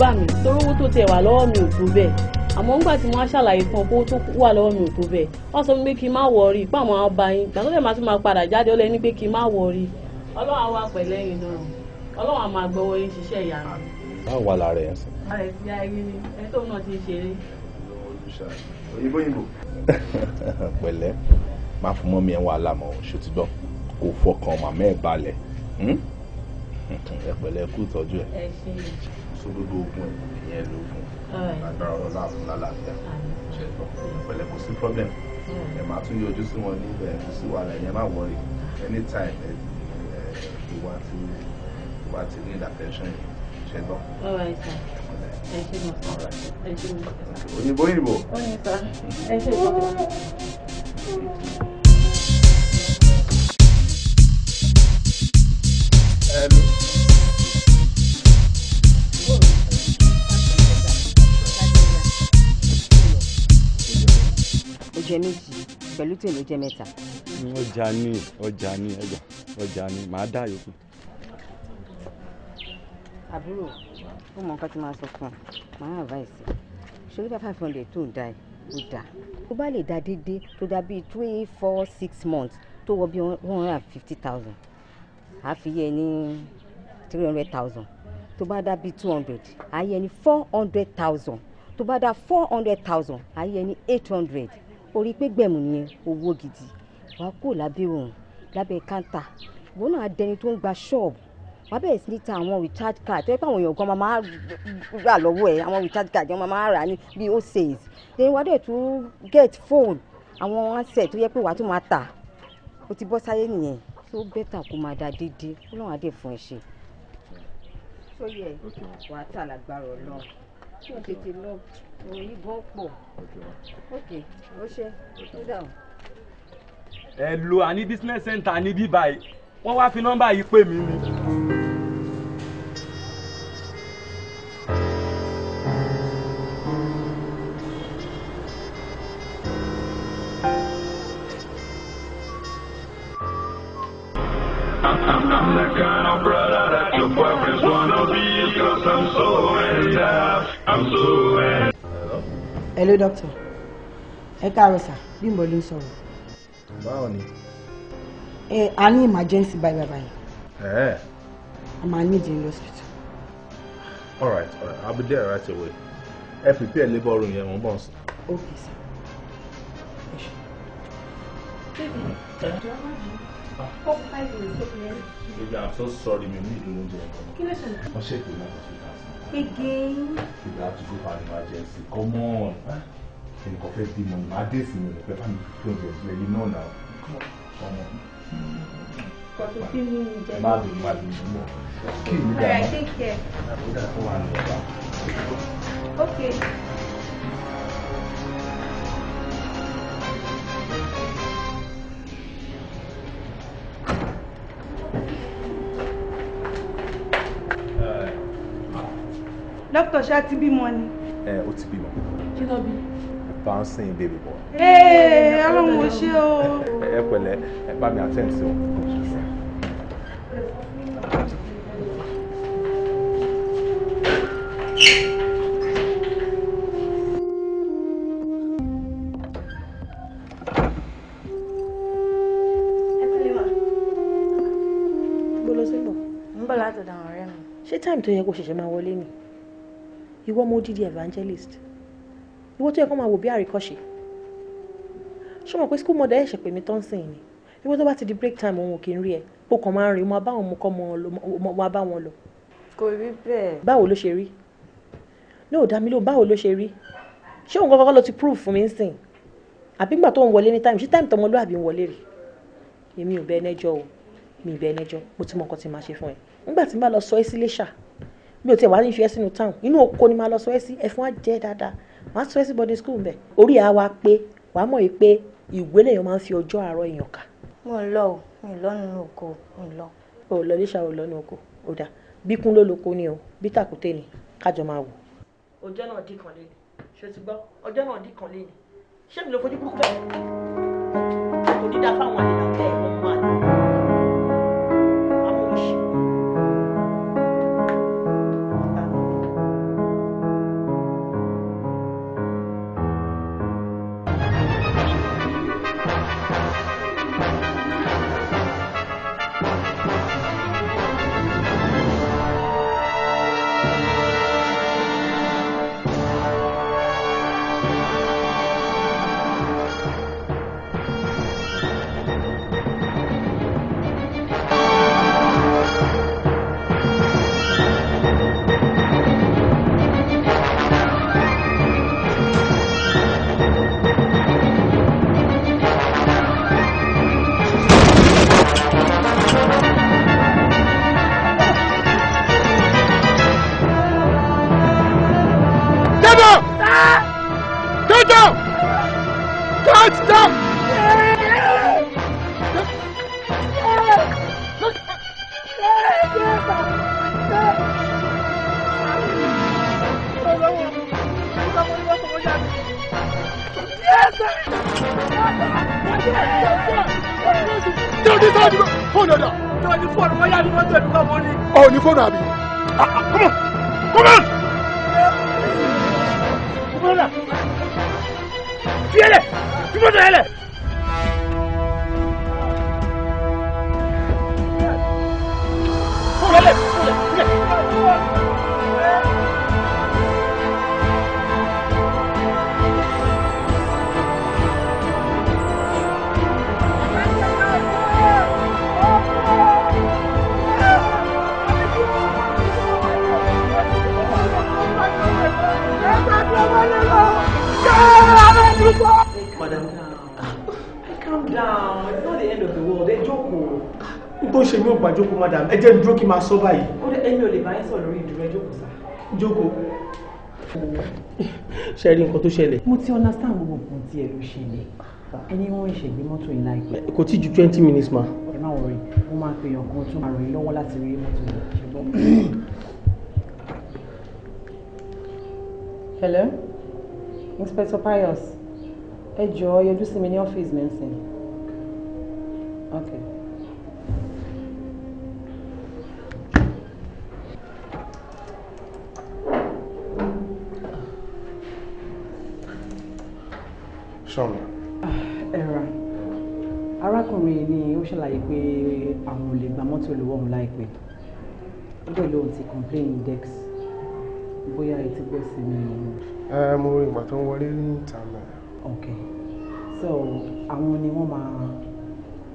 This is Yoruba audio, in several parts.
bà mí torí owó tó tẹ̀ wà lọ́wọ́ mi ò tó bẹ́ẹ̀ àmọ́ nígbà tí wọ́n ṣàlàyé fún ọ pé tó wà lọ́wọ́ mi ò tó bẹ́ẹ̀ wọ́n sọ pé kí n má wọrí pé àwọn ọba yín ìgbà tó lè máa tún máa padà jáde ó pé kí n má wọrí ọlọ́run á wà pẹ̀lẹ́yìn náà ọlọ́run máa gbọ́wọ́ yín ṣiṣẹ́ ìyanu. báwo wà lára ẹ tó pẹ̀lẹ́ má fún mọ́mí ẹ̀ wàhálà mọ́ ṣòtítọ́ kò fọkàn màmá ẹ̀ balẹ̀ hmm? ẹ pẹ̀lẹ́ kú ìtọ́jú ẹ̀ so gbogbo oògùn ìyẹn ló fún agbára ọlọ́lá àfún lálàáfíà ṣe lọ pẹ̀lẹ́ kò sí problem ẹ máa tún yọjú sí wọn níbẹ̀ kò sí wàhálà ìyẹn má wọrí anytime ẹ ìwà ti ìwà ti ní ìdàpẹ́ṣẹ́ yìí ṣe lọ. òyìnbó òyìnbó. Hello. pẹ̀lú tèmi ó jẹ́ mẹ́ta. Mm, ọjà ni ọjà ni ẹgbà ọjà ni màá dá yòókù. àbúrò ó mọ nǹkan tí màá sọ fún ọ màá advice ṣé wípé five hundred tó ń da ẹ ó dà tó bá lè da déédéé tó da bíi three four six months tó wọ bíi one hundred and fifty thousand àá fi yẹ ní three hundred thousand tó bá dá bíi two hundred àá yẹ ní four hundred thousand tó bá dá four hundred thousand àá yẹ ní eight hundred orí pé gbẹ̀mù nìyẹn owó gidi wà á kó lábẹ́ òun lábẹ́ káńtà ìwọ náà dẹni tó ń gba ṣọ́ọ̀bù wà á bẹ̀rẹ̀ sí ní ta àwọn recharge card tó yẹ pé àwọn èèyàn gan máa máa rà lọ́wọ́ ẹ̀ àwọn recharge card yẹn máa máa rà ní bí ó says lẹ́yìn wà á dẹ̀ tún get phone àwọn handset tó yẹ pé wà á tún máa tà ó ti bọ́ sáyé nìyẹn tó bẹ́tà kó máa da déédéé ó lọ́wọ́ adé fún ẹ ṣe. tó yẹ wà tà lágbára ọlọ́run kí o tètè lọ òyìn gan pọ̀ ok ó ṣe ó dà o. ẹ lo àní business center níbí báyìí wọ́n wá fi nọ́mbà yìí pè mí ni. I'm so hello doctor ẹ sir, sà Bímbọ́ ló ń sọ̀rọ̀. báwo ni. Eh, I need emergency bye bye bye. Eh. I'm in need in the hospital. all right all right I'll be there right away ẹ prepare labour room yẹn mo ń bọ̀ sùn. okay sir. Baby, mm -hmm forty five minutes tó fi yẹn. baby i'm so sorry mi ò ní ìdúró oúnjẹ ẹ̀kọ́. kí ló ṣẹlẹ̀. wọ́n ṣe ìpè náà for two thousand. again. baby i have to go for an emergency come on. Ah. ẹnì kan fẹ́ bímọ ní máa dé ìsinmi rẹ̀ pẹ́ bá mi fi oúnjẹ sílẹ̀ yìí náà náà. ọmọ. kọ̀tù sí mi ní ìjẹ́. má bínú má bínú mọ́. kí ni ìdààmú. all right take care. ó dà fún wa ní ọ̀la. okay. Dókítà ṣá ti bímọ ni. Ẹ o ti bímọ. Kí ló bí? Bouncing baby boy. Ee, ọlọ́run ò ṣe o. Ẹ pẹ̀lẹ́, ẹ bá mi attend sí o. ṣé táìmù tó yẹ kó ṣẹ̀ṣẹ̀ máa wọlé ni ìwọ mo dídí evangelist ìwọ tó yẹ kó máa wò bí àríkọ́ṣe ṣé mo pé school mother ẹ̀ ṣe pè mí tán sìn ni ìwọ tó bá ti di break time òun ò kí ń rí ẹ o kàn máa ń rìn mo bá wọn mu kọ́ mo bá wọn lọ. kò rí bẹ́ẹ̀. báwo ló ṣe rí náà ò dá mi lóhùn báwo ló ṣe rí ṣé òun kọ́kọ́ lọ ti proof fún mi sìn àbí gbà tó ń wọlé ní time ṣé time tọmọlúàbí ń wọlé rè èmi ò bẹ ẹnẹjọ o mi ì bẹ ẹnẹjọ mo ti mọ nǹkan tí màá ṣe fún ẹ nígbà tí n bá lọ sọ ẹ sílé ṣáà mi ò tiẹ̀ wá ní fi ẹ́ sínú town inú oko ni màá lọ sọ ẹ́ sí ẹ̀fọn á jẹ́ dáadáa màá sọ ẹ́ sí boarding school mbẹ̀ orí ẹ̀ á wá pé wàá mọ̀ yìí pé ìwé lèèyàn máa ń fi ọjọ́ àárọ̀ èèyàn kà. mo ń lọ o mi lọ nínú oko mi lọ. o lọ ní ṣàwọn lọ nínú oko ó dà bí ló lóko ni o bí tàkúté ni kájọ máa wò. ọjọ́ náà dì kan lé ṣé o ti gbọ́ ọjọ́ náà dì kan lé ni ṣé mi ló fojú kúkú bẹ́ẹ̀ kò bẹ́ẹ̀. madam ẹ jẹ́ dúró kí máa sọ báyìí. ó dé ẹ̀yin ò lè bá yín sọ lórí ìdúró ẹ jókòó sá. jókòó. ṣe rí nǹkan tó ṣẹlẹ̀. mo ti understand gbogbo nǹkan tí ẹ ló ṣe lè ẹni wọn ń ṣègbè mọ́tò yìí láìpẹ́. kò tí ju twenty minutes ma. ẹ má wọrí mo máa pe èèyàn kan tó máa ràn yín lọ́wọ́ láti rí mọ́tò yìí ṣùgbọ́n. hello inspector Pius ẹ jọ̀ọ́ yọjú sí mi ní ọ́fíìsì mi okay. yìí pé àwọn ò lè gba mọ́tò lọ́wọ́ òun láìpẹ́ ó dẹ̀ lóun ti complain dex bóyá etí gbọ́ sí mi. ẹ mo rí ìgbà tó ń wọlé ní ìtàmì. ok so àwọn ni wọ́n máa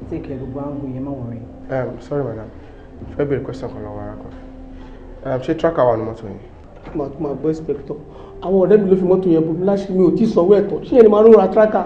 take care gbogbo àwọn yẹn máa wọ̀rẹ́. sorry madam fẹ́ bèrè question kan lọ́wọ́ ara kan ṣé tracker wà ní mọ́tò yẹn. màá tún máa gbọ́ inspector àwọn ọ̀rẹ́ mi ló fi mọ́tò yẹn bomi láṣìí mi ò tí ì sanwó ẹ̀tọ́ ṣé ẹni máa ń ra tracker.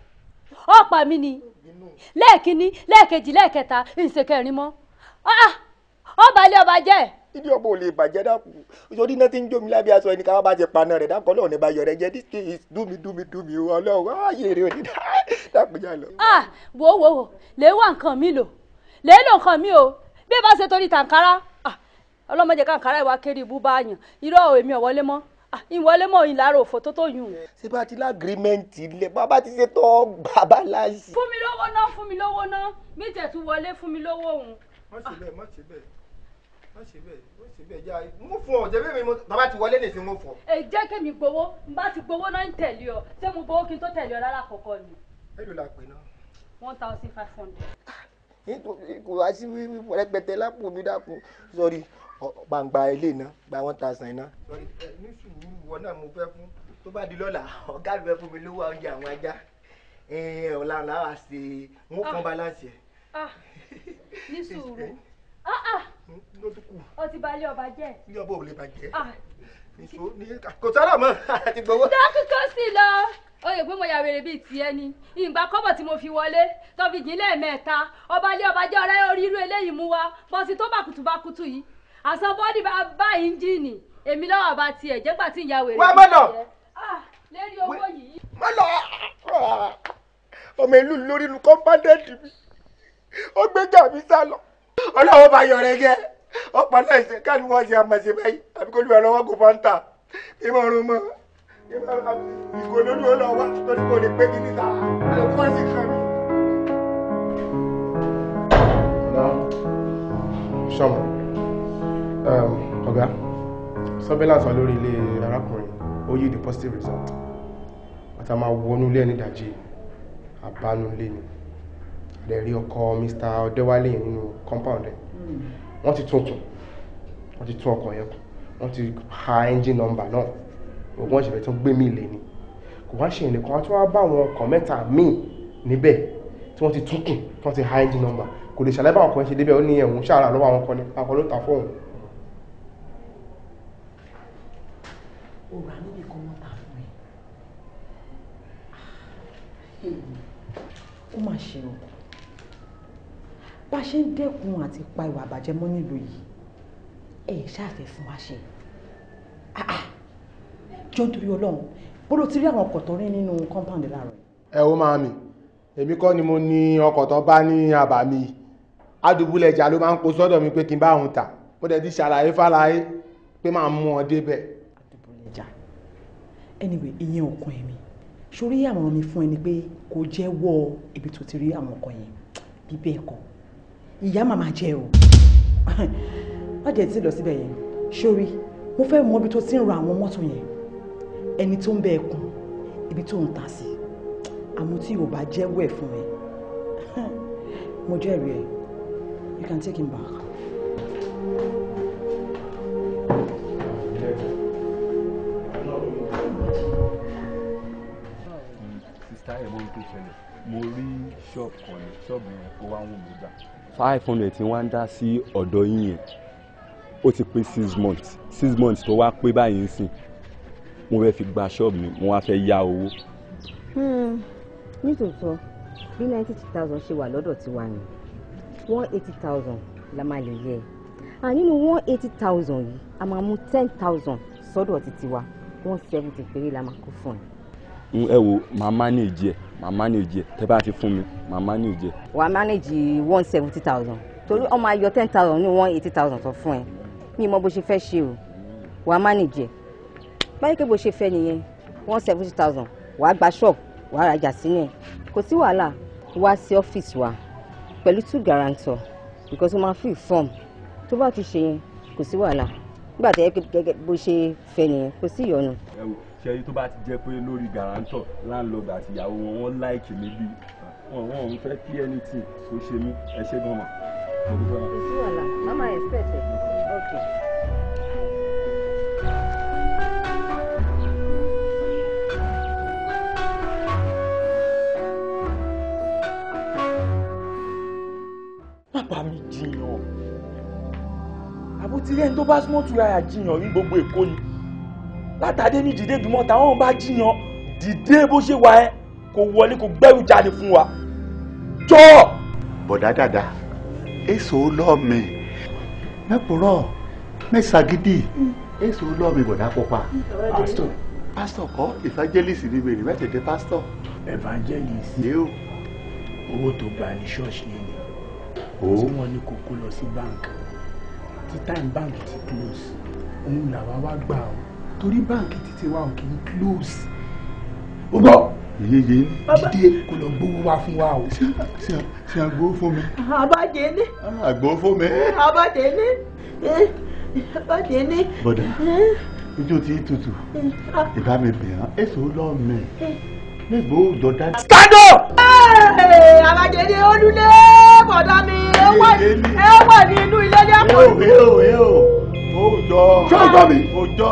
ọ̀pá mi ni lẹ́ẹ̀kínní lẹ́ẹ̀kejì lẹ́ẹ̀kẹta ìṣèkẹrin mọ́ ọba ah, ah, ilé ọba jẹ́ ẹ̀ ìdí ọmọ ò lè bàjẹ́ dákú orí iná tí ń jómi lábẹ́ aṣọ ẹni káwá bá ti paná rẹ̀ dákú ọlọ́run ní bá yọrẹ jẹ́ this case dúmi dúmi dúmi o ọlọ́run á yè rè òní dákú yà lọ. ah wo wo wo lè wá nǹkan mi lò lè lò nǹkan mi o bí ẹ bá ṣe torí tàǹkárá ah, ọlọ́mọdé kàǹkárá ìwà kéré ibú bá yàn irọ́ èmi ò mọ́ Ah, ìwọlé mọ̀ yín láàárọ̀ òfò tó tó yùn. ṣé bá ti lágrímẹ́ǹtì ilẹ̀ bàbá ti ṣe tọ́ bàbá láàyè. fún mi lówó náà fún mi lówó náà bí tẹ̀tù wọlé fún mi lówó òun. má ṣe bẹ́ẹ̀ má ṣe bẹ́ẹ̀ má ṣe bẹ́ẹ̀ má ṣe bẹ́ẹ̀ já mú fún ọ jẹ́bí mi bàbá ti wọlé nìsín mú fún ọ. ẹ jẹ́ kí mi gbowó n bá ti gbowó náà ń tẹ̀lé ọ ṣé mo gbowó kí n tó tẹ̀lé ọ lára kọ̀ọ̀kan ni. èlò la pè náà. one thousand five hundred. Ah, gbangba ilé iná gba one thousand iná. ní sùúrù náà mo fẹ́ fún tó bá di lọ́la ọ̀gá mi fẹ́ fún mi lówó oúnjẹ àwọn ajá ọ̀la ọ̀la wa ṣe wọ́n kàn ah. balance ẹ̀. Ah, ní sùúrù ah, hm, ló ti balẹ̀ ọba jẹ́. ní ọba ò lè bàjẹ́. kò sára mọ́ àti gbowó. dákúkọ sí lọ oyè pé mo wèrè bíi tiẹ̀ ni ìgbà kọ́bọ̀ tí mo fi wọlé tó fi ọba ilé ọba jẹ́ ọ̀rẹ́ orí irú eléyìí mú wa bọ́sì tó bàkùtùbàkùtù yìí àsọbọ́dì bá bá ìńjìnì èmi lọ́wọ́ bá tiẹ̀ jẹ́gbà tí ìyá wèrè. wá mọ́lọ. Ah, lérí owó yìí. mọ́lọ ọmọ ìlú lórí lu kọ́ńpáńdẹ́ẹ̀tì mi ó gbéjà mi sá lọ ọlọ́wọ́ bá yọ rẹ gẹ́ ọ̀pọ̀ aláìsẹ̀ káàdì wọ́n ṣe àmàṣe báyìí àbí kó lùwẹ̀ lọ́wọ́ kó fọ́ńtà ìmọ̀ràn mọ́ ìgò lórí ọlọ́wọ́ lórí kò lè pé kí níta àlùkò sì Um, ọ̀gá surveillance wà lórí ilé arákùnrin ó yí the positive result àtà máa wọnú ilé ẹni dàjí àbánulé ni lè rí ọkọ Mr. Ọdẹwálé nínú compound ẹ̀ hmm. wọ́n ti tuntun wọ́n ti tún ọkọ̀ yẹn kù wọ́n ti ha engine number náà ògùn ọ̀ṣẹ̀fẹ̀ tó gbé mí lé ni kò wá ṣe nìkan tí wọ́n bá àwọn ọkọ̀ mẹ́ta míì níbẹ̀ tí wọ́n ti tún kù tí wọ́n ti ha engine number kò lè ṣàlẹ́ bá ọkọ̀ yẹn ṣe débẹ̀ ó ní ẹ̀hún ṣàrà lọ́wọ́ àwọn ọkọ̀ ní akọ ló ta fóun o rà níbi kan wọ́n tà fún ẹ. ó mà ṣe o bá a ṣe ń dẹ́kun àti pa ìwà àbàjẹ́ mọ́ nílùú yìí ẹ ṣáàfẹ́ fún wa ṣe jọ́ nítorí ọlọ́run bó ló ti rí àwọn ọkọ̀ tó rí nínú compound láàárọ̀. ẹ ó máa mi èmi kọ́ ni mo ní ọkọ̀ tó bá ní àbá mi adùbúlẹ̀jà ló máa ń kó sọ́dọ̀ mi pé kí n bá òun tà mo dẹ̀ ti ṣàlàyé fàlàyé pé máa mú ọ débẹ̀ anyway ìyẹn ò kàn mí sórí àmọ̀ràn mi fún ẹni pé kò jẹ́wọ́ ibi tó ti rí àwọn ọkàn yẹn bí bẹ́ẹ̀ kọ́ ìyá màmá jẹ́ o má jẹ́ tí lọ síbẹ̀ yẹn sórí mo fẹ́ mọ ibi tó ti ń ra àwọn mọ́tò yẹn ẹni tó ń bẹ ẹkùn ibi tó ń ta sí àmọ́ tí yóò bá jẹ́wọ́ ẹ̀ fún ẹ mo jẹ́rìí ẹ you can take him back. tó mo rí ṣọ́ọ̀bù kan ní ṣọ́ọ̀bù yẹn ó wá ń wù mí gbà. five hundred tí wọ́n ń dá sí ọ̀dọ̀ yín yẹn ó ti pé six months six months tó wá pé báyìí ń sìn mo fẹ́ fi gba ṣọ́ọ̀bù mi mo wá fẹ́ yá owó. Hmm. nítòótọ́ bí ninety two thousand ṣe wà lọ́dọ̀ tiwa ni one eighty thousand la máa lè yẹ à nínú one eighty thousand yìí a máa mú ten thousand sọ́dọ̀ títí wa one seventy three la máa kó fún ẹ. ẹ wo màá manage ẹ màá manage ẹ̀ tẹ́ bá ti fún mi màá manage ẹ̀. wàá manage one seventy thousand torí ọmọ ayọ ten thousand ní one eighty thousand tó fún ẹ ní ìmọ̀ bó ṣe fẹ́ ṣe o wàá manage ẹ̀ báyìí pé bó ṣe fẹ́ nìyẹn one seventy thousand wàá gba shop wàá rajà sínú ẹ̀ kò sí wàhálà wá sí ọ́fíìsì wa pẹ̀lú two guarantor because wọ́n máa fi form tó bá ti ṣe yẹn kò sí wàhálà nígbà tẹ́ gẹ́gẹ́ bó ṣe fẹ́ nìyẹn kò sí ìyọnu ṣẹ́yí tó bá ti jẹ́ pé lórí guarantor landlord àti ìyàwó wọn wọ́n láìkì mi wọn wọn ò fẹ́ kí anything kó ṣe mí ẹ ṣe gan-an. ìṣú mi jiyàn àbótilẹ́ni tó bá súnmọ́ tura àjiyàn ní gbogbo èkó ni látàdé ní dìde dùmọ̀ táwọn bá jiyàn dìde bó ṣe wà ẹ́ kò wọlé kò gbẹ́rù jáde fún wa jọ. bọ̀dá dàda èso lọ́ọ̀mì mẹ́pùrọ̀ mẹ́sàgídì èso lọ́ọ̀mì bọ̀dá pupa pásítọ̀ pásítọ̀ kọ́ evangelist ni bèrè mẹ́tẹ̀ẹ̀tẹ̀ pásítọ̀. evangelist yé o owó tó gba ní ṣọ́ọ̀ṣì yẹn ni tí wọ́n ní kókó lọ sí báńkì tí time báńkì ti close òun làwa wá gbà ọ́ torí báǹkì títí wa ò kì í close. ó gbọ́ yeye dídé kò lọ gbowó wá fún wa o ṣe àgbo fún mi. àbájẹ́lé. àgbo fún mi. àbájẹ́lé. àbájẹ́lé. bọ́dà ojú ti tutù ah. ìbá mi bìrán èso lọ́ọ̀mì níbo òjò dá. stado. àbájẹ́lé olúlé bọ̀dá mi ẹ wà nínú ilé ní àpò. ẹ ò ẹ ò ẹ ò òjò. ṣé o gbọ́ mi. òjò.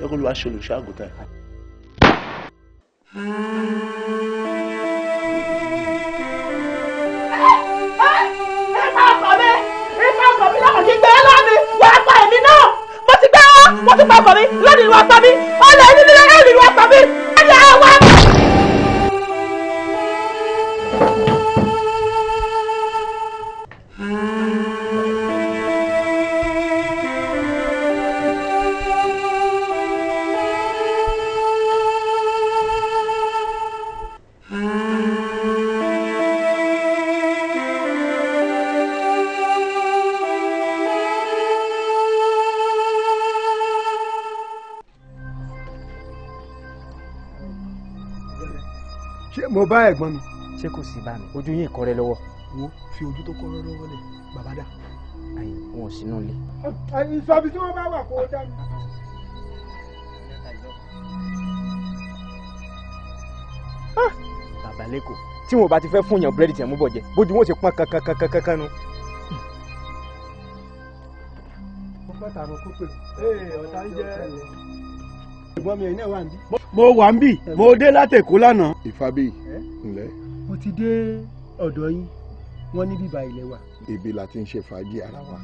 lọ́kọ́ ló wá ṣe olùṣọ́ àgùntàn. mo ti gbẹ́ ọ́ mo ti gbà ọkọ̀ mi lónìí ni wọ́n pa mí ọ̀lẹ́ ìdílé ẹ̀rì ni wọ́n pa mí ẹ̀jẹ̀ wá. o bá ẹ̀gbọ́n mi. ṣé kò sí bá mi ojú yín kọ́ rẹ lọ́wọ́. wo fi ojú tó kọ́ lọ́wọ́ lẹ̀ bàbá dà. ayi wọn ò sínú ilé. ìsọ̀bi tí wọ́n bá wà kó o dá mi. Ah! bàbá lẹ́kọ̀ọ́ tí wọn bá ti fẹ́ fún yàn búrẹ́dì tí wọn mú bọ̀ jẹ bójú wọn ò ṣe pọ́n kankankankankan nu. mo wà ń bì mo dé láti Èkó lánàá. ìfàbí ǹlẹ́. mo ti dé ọ̀dọ̀ yín wọ́n ní bíbá ilẹ̀ wa. ibi la ti ń ṣe fàájì ara wa.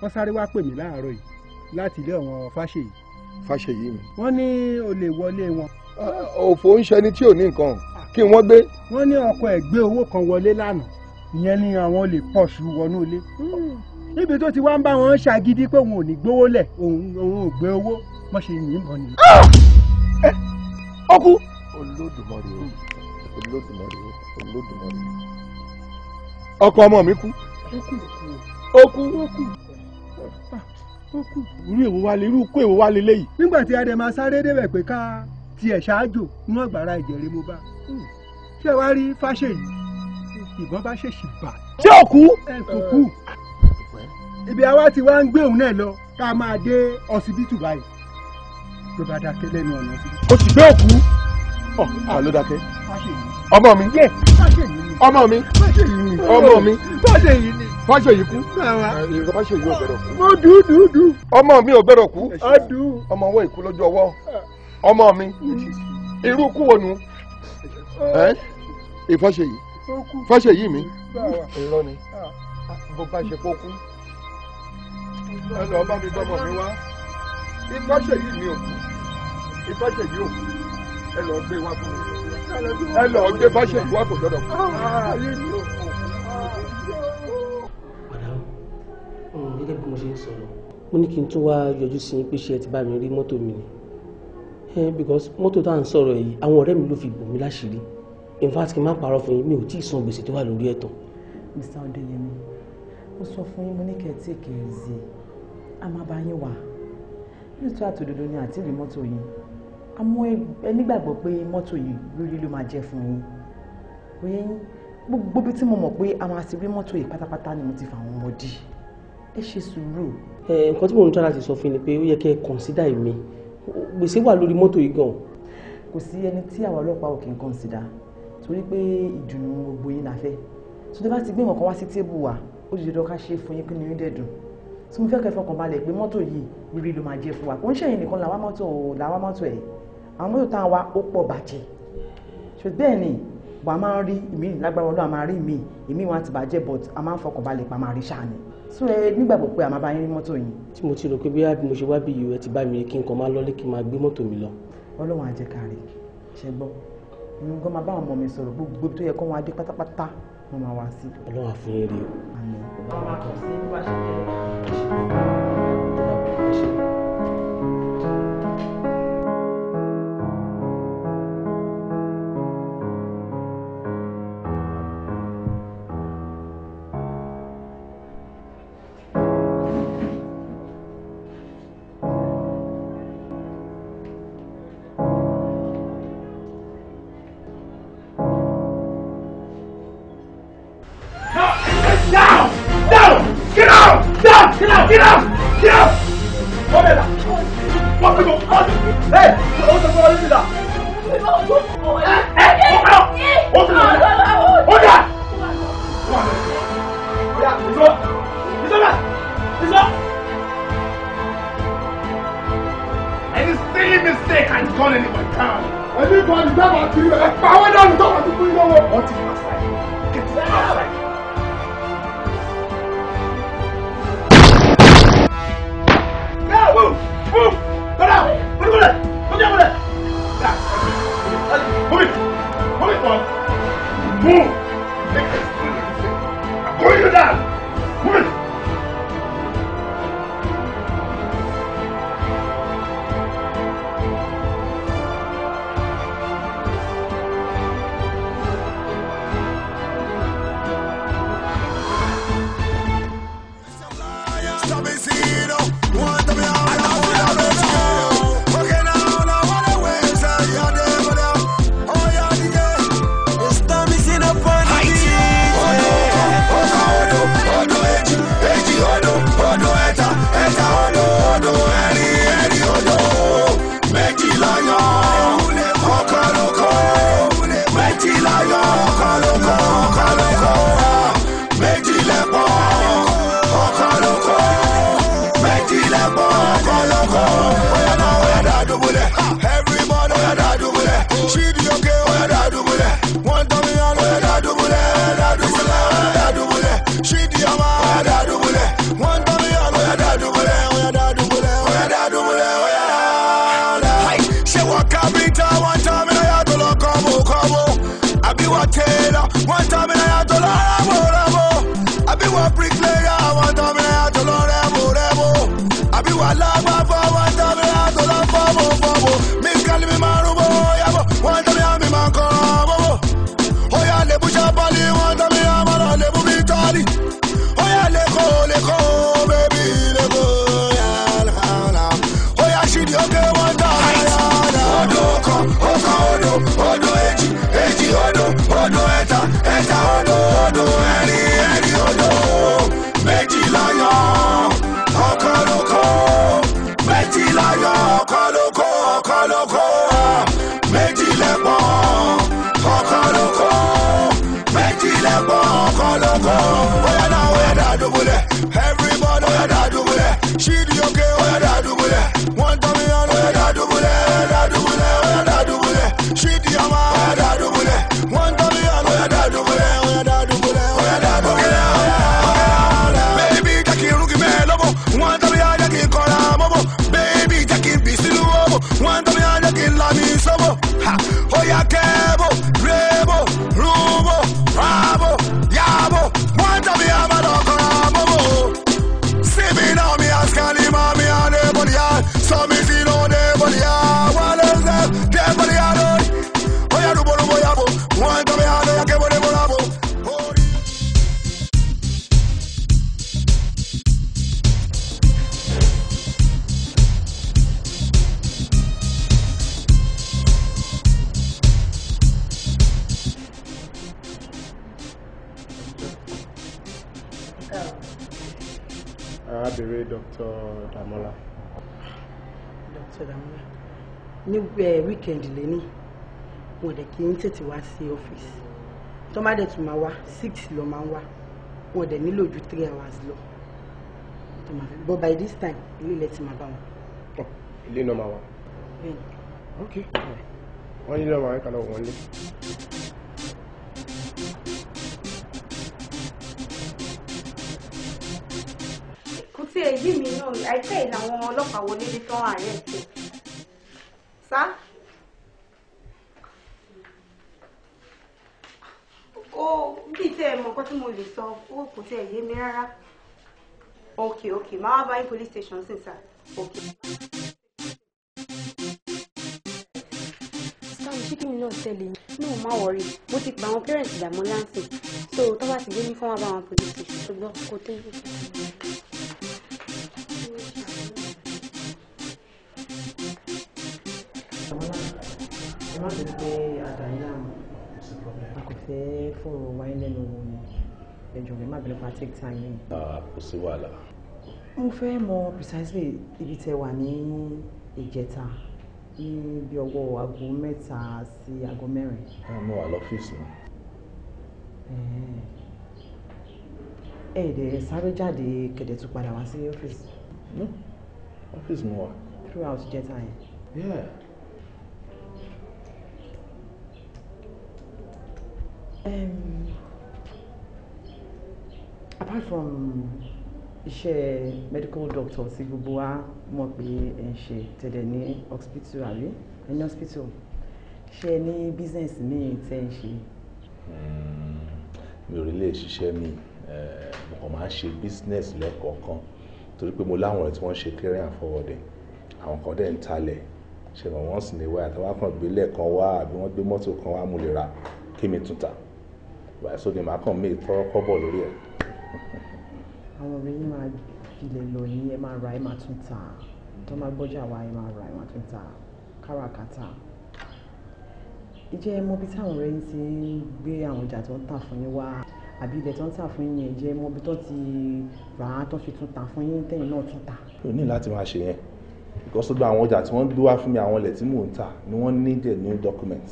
wọ́n sáré wá pè mí láàárọ̀ yìí láti ilé àwọn fáṣèyí. fáṣèyí mi. wọ́n ní o lè wọlé wọn. òfò ń ṣẹni tí ò ní nǹkan kí wọ́n gbé. wọ́n ní ọkọ ẹ̀ gbé owó kan wọlé lánàá ìyẹn ni àwọn olè pọ̀ṣù wọnú ilé níbi tó ti wá ń bá wọn ṣàgídí pé òun ò ní gbówó lẹ̀ òun ò gbé owó mọ́ ṣe yìnbọn nìyí. Ah! ọkú olódùmarè o olódùmarè o olódùmarè o. ọkọ ọmọ mi kú. ó kú ó kú ó kú. irú èwo wa lè irú kó èwo wa lè léyìí. nígbà tí adé máa sáré débẹ̀ pé ká tiẹ̀ ṣáájò inú ọ̀gbàrá ìjẹ̀rẹ̀ mo bá hmm. ṣé wàá rí fáṣẹ̀yì ìbọn bá ṣèṣì bà. ṣé ò kú. ẹ kò kú. ibi àwa ti wá ń gbé òun náà lọ ká máa dé ọsibítù báyìí ló bá dákẹ́ lẹ́nu ọ̀nà ọsibítù. o sì gbé òkú ọ ah, ló dákẹ́ ọmọ mi ọmọ mi ọmọ mi fáṣọyì kú fáṣọyì eh, eh, ò gbẹ́dọ̀ kú mo dùn dùn dùn ọmọ mi ò gbẹ́dọ̀ kú ọmọ ọwọ́ ìkú lójú ọwọ́ eh. ọmọ mi irú kú wo nu ìfọṣẹyì fọṣẹyì mi irọ́ ni bó ah. bá ṣe kó kú ẹ lọ bá mi gbọmọ mi wá ìfọṣẹyì mi ò kú ìfọṣẹyì ò kú ẹ lọ gbé wá fún mi ẹ lọ gbé báṣẹ ìwà kò lọ́dọ̀ fún mi. madam gẹ́gẹ́ bí mo ṣe ń sọ̀rọ̀ mo ní kí n tún wá yọjú sí pé ṣe ẹ ti bá mi rí mọ́tò mi ni because mọ́tò tá à ń sọ̀rọ̀ yìí àwọn ọ̀rẹ́ mi ló fi bò láṣìírí in fact kí n má parọ́ fún yín mi ò tí ì san gbèsè tó wà lórí ẹ̀tàn. mr odeyemi mo sọ fún yín mo ní kẹ́ ẹ tí kì í zi a máa bá yín wà nítorí àtòdodo ni àti ìrí mọ́tò yìí àmọ́ ẹ nígbàgbọ́ pé mọ́tò yìí lórí ló máa jẹ́ fún yín oyè yín gbogbo bí tí mo mọ̀ pé àwọn àti rí mọ́tò yìí pátápátá ni mo ti fà wọ́n mọ́dí ẹ ṣe sùúrù. nǹkan tí mò ń tọ́ láti sọ fún ni pé ó yẹ kẹ́ ẹ kọ̀ǹsídà èmi gbèsè wà lórí mọ́tò yìí gan. kò sí ẹni tí àwa ọlọ́pàá ò kì í kọ̀ǹsídà torí pé ìdùnnú gbogbo yín la fẹ́ tó tó bá ti gbé nǹkan wá sí tébù wa ó dìde lọ ká ṣe fún yín kí ni dẹ̀dùn tí mo fẹ́ kẹ́ fọkàn balẹ̀ pé mọ́tò yìí rírí ló máa jẹ́ fún wa kò ń ṣẹ̀yìn nìkan làwa mọ́tò ẹ̀ àwọn mọ́tò tá a wa ó pọ̀ bàjẹ́ ṣe bẹ́ẹ̀ ni wà á máa rí ìmí lágbára ọlọ́run a máa rí ìmí ìmí wọn ti bàjẹ́ but a máa ń fọkàn balẹ̀ pa máa rí ṣáà so ẹ nígbàgbọ́ pé a máa bá yín rí mọ́tò yín. tí mo ti rò pé bí mo ṣe wá bí ìwé ti bá mi kí n kàn máa lọlé kí n máa gbé mọ́tò mi lọ. ọlọ́run àjẹkárí ṣe gbọ́ ìyẹn gan máa bá àwọn ọmọ mi sọ̀rọ̀ gbogbo tó yẹ kó wọn adé pátápátá wọn máa wá sí. ọlọ́run àfún kọ́ ni dábàá kiri ẹ̀ pa àwọn dáhùn tó wà ní fún yín lọ́wọ́. wọ́n ti máa ṣàyẹ̀ kẹ́tì máa ṣàyẹ̀. tilẹ̀ pọ̀ ọkọ lóko. Oya náà oya dà dùbúlẹ̀. Everybody oya dà dùbúlẹ̀. Ṣídì òkè oya dà dùbúlẹ̀. Wọ́n tọ́ mi yàn oya dà dùbúlẹ̀. Oya dà dùbúlẹ̀ oya dà dùbúlẹ̀. Ṣídì ọmọ oya dà dùbúlẹ̀. Wọ́n tọ́ mi yàn oya dà dùbúlẹ̀. Oya dà dùbúlẹ̀ oya dà dùbúlẹ̀. Bébí jẹ́ kí irúgbìn mẹ́ lọ́bọ̀. Wọ́n tọ́ mi yàn jẹ́ kí n kọ́ra mọ́bọ̀. Bébí jẹ́ kí n bì sínú wọ́bọ̀. Wọ́n tọ́ mi yàn jẹ́ kí n lami sọ́bọ̀. Oya kẹ́ẹ́. ní eh, weekend lẹ́ni wọn dẹ̀ kì í tètè wá sí ọ́fíìsì tó má dẹ̀ tún máa wá six lọ máa ń wá wọn dẹ̀ nílò ju three hours lọ but by this time ilé ilẹ̀ ti máa bá wọn. ilé náà máa wá. ok wọ́n nílò àwọn akẹ́kọ̀ọ́ wọn lé. kùtì èyí mi náà àìpẹ́ ìlànà ọlọ́pàá wọlé ní tán àárẹ̀ sí sá ó bí tẹ́ ẹ mọ̀ nǹkan tí mo lè sọ ó kò tẹ́ ok ok máa wá báyìí police station sí sá ok. sáà ṣé kí mi náà tẹ̀lé náà má wọrí mo ti pa àwọn parents ìdààmú so tó bá ti dé ní fún wa bá àwọn police station ṣùgbọ́n kò tẹ́ ẹ má bẹ̀rẹ̀ pé àdáyé náà mọ̀ a kò fẹ́ fóònù wáyé lẹ́nu wò ni ẹjọ́ ẹ má bẹ̀rẹ̀ pa take time yìí. kò sí wàhálà. mo fẹ́ mọ precisely ibi tẹ wà ní ìjẹta ní bí ọwọ́ aago mẹ́ta sí aago mẹ́rin. mo wà lọ́fíìsì mi. ẹ̀ẹ́dẹ̀ sáré jáde kẹ̀dẹ̀ tún padà wá sí ọ́fíìsì. ọ́fíìsì mo wà. throughout jẹta yẹn. yeah. Um, apart from iṣẹ́ medical doctor tí gbogbo wa mọ̀ pé ẹ̀ ń ṣe tẹ̀lé ní hospital àbí ẹni hospital ṣe ní business míì tẹ́ ń ṣe. Hmm, mi ò rí lè ṣiṣẹ́ mi eh, mo máa ń ṣe business lẹ́kọ̀ọ̀kan torí pé mo láwọn ọ̀rẹ́ tí wọ́n ṣe clearing and forwarding àwọn kan dẹ̀ ń talẹ̀ ṣe mọ̀ wọ́n sì ní wá àtàwọn kan gbé lẹ́ẹ̀kan wá àbí wọ́n gbé mọ́tò kan wá mo lè ra kí mi tún ta báyìí sóde màá kàn mí tọrọ kọ́bọ̀ lórí ẹ̀. àwọn obìnrin yìí máa filẹ̀ lọ ní ẹ máa tún tà tó máa gbọ́jà wá ẹ máa tún tà káràkátà ìjẹ́ ẹ táwọn ọ̀rẹ́ ti ń gbé àwọn ọjà tó ń tà fún yín wá àbí ilẹ̀ tó ń tà fún yín ìjẹ́ ẹ mọ tó ti rà á tó fi tún tà fún yín tẹ̀yìn náà tún tà. o ní láti máa ṣe yẹn because gbogbo àwọn ọjà tí wọ́n gbé fún mi àwọn ilẹ̀ tí mò ń tà ni wọ́n ní dẹ̀ new document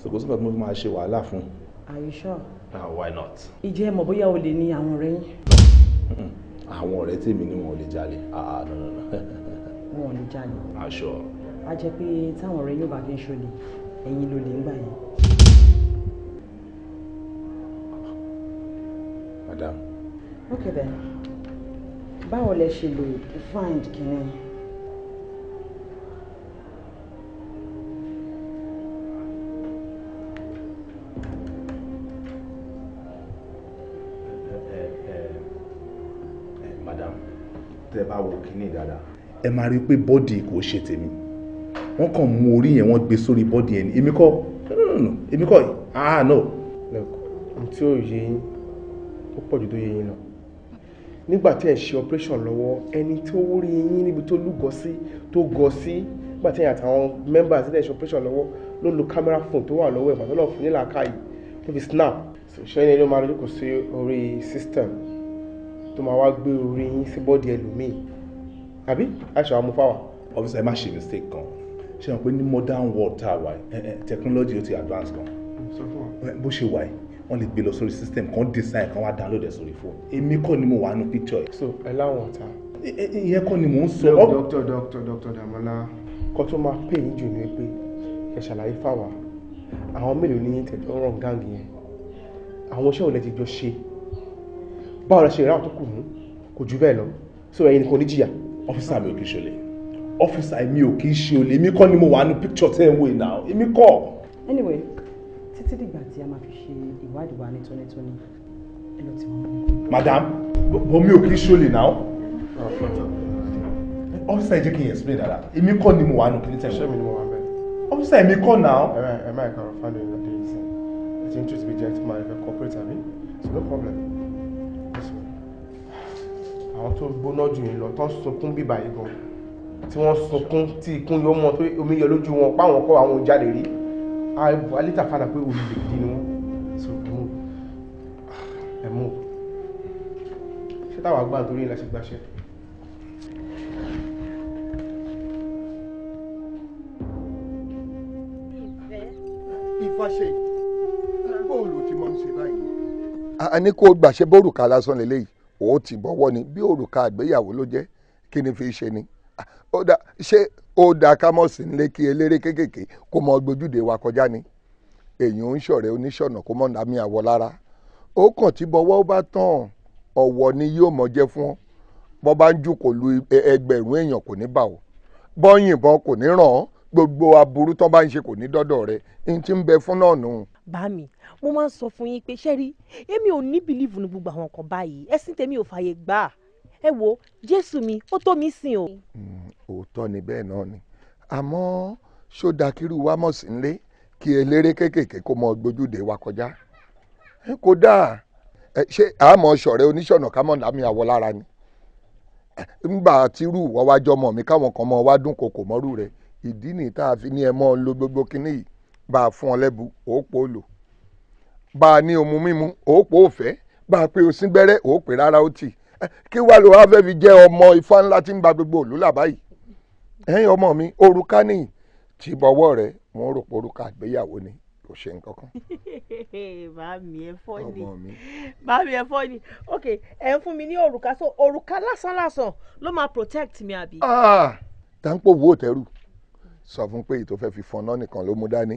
so kò sí nǹkan mo fi máa ṣe wàhálà fún un Are you sure? Uh, why not? Ije mọ̀ bóyá o lè ní àwọn ọ̀rẹ́ yín. Hmm. Àwọn ọ̀rẹ́ tèmi ni wọn ò lè jalè. Ah, no, no, no. Wọn ò lè jalè. Ah, sure. A jẹ́ pé táwọn ọ̀rẹ́ yóò bá fi ń ṣolè, ẹ̀yin ló lè ń gbà Madam. Okay then. Báwo lẹ ṣe lè find kìnìún? tẹ́ bá wo kíní dáadáa ẹ máa rí i pé bọ́dì kò ṣe tèmi wọ́n kàn mú orí yẹn wọ́n gbé sórí bọ́dì yẹn èmi kọ́ èmi kọ́ ah no. tí ó yé yín ó pọ̀ ju tó yé yín lọ nígbà tí ẹ̀ ń ṣe operation lọ́wọ́ ẹni tó rí yín níbi tó lúgọ sí tó gọ sí nígbà tí ẹ̀ àtàwọn members ẹ̀ ń operation lọ́wọ́ ló lo camera phone tó wà lọ́wọ́ ẹ̀ pàtó lọ́ọ̀ fún nílà káyì tó fi snap ṣẹ́yìn ló máa lójú kò sí orí system tó máa wá gbé orí yín sí bọ́ọ̀dì ẹlòmíì àbí àṣà àmúfáwà. officer ẹ má ṣe mistake kan ṣe hàn pé ní modern world tá a wà technology ó ti advance gan bó ṣe wà yìí wọ́n lè gbé lọ sórí system kan design kan wá download ẹ̀ sórí fóònù èmi kọ́ ni mo wà nù picture yìí. so ẹ láwọn ọ̀tá. ìyẹn kọ́ ni mò ń sọ. dókítà dókítà dókítà Dàmọ́lá kó tó máa pè yín jù ní pé ẹ ṣàlàyé fáwa àwọn mélòó ní tẹ̀jọ́ ràn gáàgì yẹn àwọn iṣẹ́ ò lè ti jọ ṣe báwo lọ ṣe ìràwọ̀ tó kù mú kò jù bẹ́ẹ̀ lọ so ẹ̀yin nìkan níjìyà ọ́fíìsà mi ò kì í ṣọlẹ̀ ọ́fíìsà mi ò kì í ṣe olè èmi kọ́ ni mo wà ní picture tẹ́ ẹ̀ ń wò iná èmi kọ́. anyway títí dìgbà tí a máa fi ṣe ìwádìí wa ní tónítóní ẹ lọ ti wọn. madam bọ́ mi ò kì í ṣe olè náà ọ́fíìsà ah, ẹ jẹ́ kí n explain dada èmi kọ́ ni mo wà ní kíní tẹ́ ẹ̀ wò ọ́fíìsà èmi kọ́ náà. ẹ máa ẹ máa ẹ kàn fáwọn ènìyàn dé ìsìn ẹ ti ń tún ti àwọn tó gbóná jù yín lọ tó ń sunkún bíbà yìí gan tí wọ́n sunkún tí ikún yóò mọ tó omi yọ lójú wọn páwọn kọ́ àwọn òjáde rí alita fada pé olùdèdè ni wọ́n so ẹ mú ẹ mú ṣé táwọn àgbà torí ńlá ṣe gbàṣẹ. ìfàṣẹ bóòlù tí mo ń ṣe báyìí. a ní kó gbàṣẹ bórùka lásán lélẹ́yìí ó ti bọ́wọ́ ni bí òrùka àgbéyàwó ló jẹ́ kí ni fi ṣe ni ó dá ṣé ó da kámọ́sì ńlé kí eléré kéékèèké kó mọ gbójúde wa kọjá ni èyàn ń ṣọ̀rẹ́ oníṣọ̀nà kó mọ̀ nàmí àwọ̀ lára ó kàn tí bọ́wọ́ bá tán ọ̀wọ̀ ni yóò mọ̀ jẹ́ fún ọ bọ́ bá ń jù kò lu ẹgbẹ̀rún èèyàn kò ní bà ọ́ bọ́ yìnbọn kò ní ràn ọ́ gbogbo aburú tó bá ń ṣe kò ní dọ́dọ̀ rẹ̀ n ti ń bẹ fún náà nù. bá mi mo máa ń sọ fún yín pé ṣẹ́rí èmi ò ní bìlíìfù ní gbogbo àwọn nǹkan báyìí ẹ̀sìn tèmi ò fààyè gbà ẹ wo jésù mi ó tó mi sìn o. Hmm, òótọ́ ni bẹ́ẹ̀ náà ni àmọ́ ṣódàkírú wa mọ̀ sí nílé kí eléré kéékèèké kó mọ gbójúde wa kọjá kó dáa ṣé àmọ́ ṣọ̀rẹ́ oníṣọ̀nà ká mọ̀ lámì àwọ̀ lára ni nígbà tí irú ìwọ wá jọmọ mi káwọn kan mọ wá dún kòkò mọ́rú rẹ ìdí nìyí fi ní ẹ mọ́ ń lo gbogbo kínní yìí bá a fún ọ lẹ́bu òópó lò bá a ní omu mímu òòpó òfẹ́ bá a pé o síngbẹ́rẹ́ òòpè rárá o tì kí wàá lò wá fẹ́ fi jẹ́ ọmọ ifá ńlá tí ń ba gbogbo òlú là báyìí ẹ̀yin ọmọ mi òrùka nìyí tí bọ́wọ́ rẹ̀ wọ́n rò pé òrùka àgbéyàwó ni kò ṣe nǹkan kan. Màmí ẹ fọ́ ni màmí ẹ fọ́ ni ok ẹ ń fún mi ní òrùka so òrùka lásánlásán ló máa protect mi àbí. Ah! táǹpọ̀ wo tẹ́rù sọ fún pé èyí tó fẹ́ fi fọ́nà nìkan ló mú dání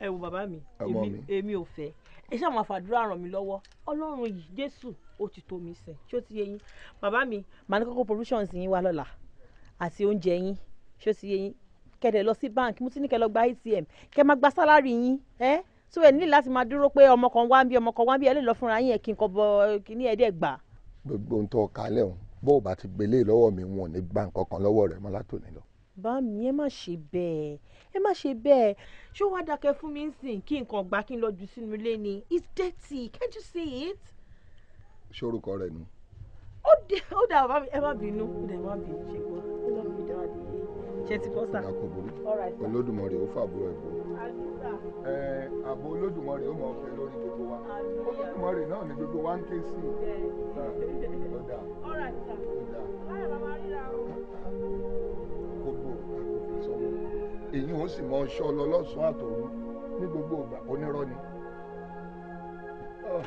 ẹ wo bàbá mi èmi ò fẹ́ ẹ ṣáà máa fàdúrà ràn mí lọ́wọ́ ọlọ́run yìí jésù ó ti tó mi sìn ṣó ti yé yín bàbá mi màá ní kókó provisions yín wá lọ́la àti oúnjẹ yín ṣó ti yé yín kẹ̀dẹ̀ lọ sí bank mo ti ní kẹ́ lọ gba atm kẹ́ máa gba sálárì yín ẹ́ so ẹ ní láti máa dúró pé ọmọ kan wá ń bí ọmọ kan wá ń bí ẹ lè lọ fúnra yín ẹ kí n kọ bọ kíní ẹ dẹ gbà. gbogbo ohun tó kalẹ̀ ọ̀hún bó o bá ti gbélé lọ́wọ́ mi wọn ò ní gbà nǹkan kan lọ́wọ́ rẹ̀ mọ́ látòní Màámi, ẹ má ṣe bẹ́ẹ̀. Ẹ má ṣe bẹ́ẹ̀. Ṣé ó wá dákẹ́ fún mi nsìn kí nǹkan gbá kí n lọ jù sínú ilé ni? It's dirty. Can't you see it? Ṣé orúkọ rẹ̀ nu? Ó dé ó dà bàbá mi ẹ má bínú. Ó dà ẹ má bínú ṣe gbọ́. Ẹ má bínú dára dé. Ṣé ti bọ́ sà? Yàkùbù. Olódùmarè ó fàbúrò ẹ̀ bò. Ẹ àbò Olódùmarè ó mọ̀ ọ́ fẹ́ lórí gbogbo wa. Olódùmarè náà ni gbogbo wa ń ké sí. Ó dà. Ó dà. Báyọ̀ bàbá ríra o èyí ò sì mọ ọṣọ lọ lọ́sàn-án àtòru ní gbogbo ìgbà onírọ́ ni. Oh.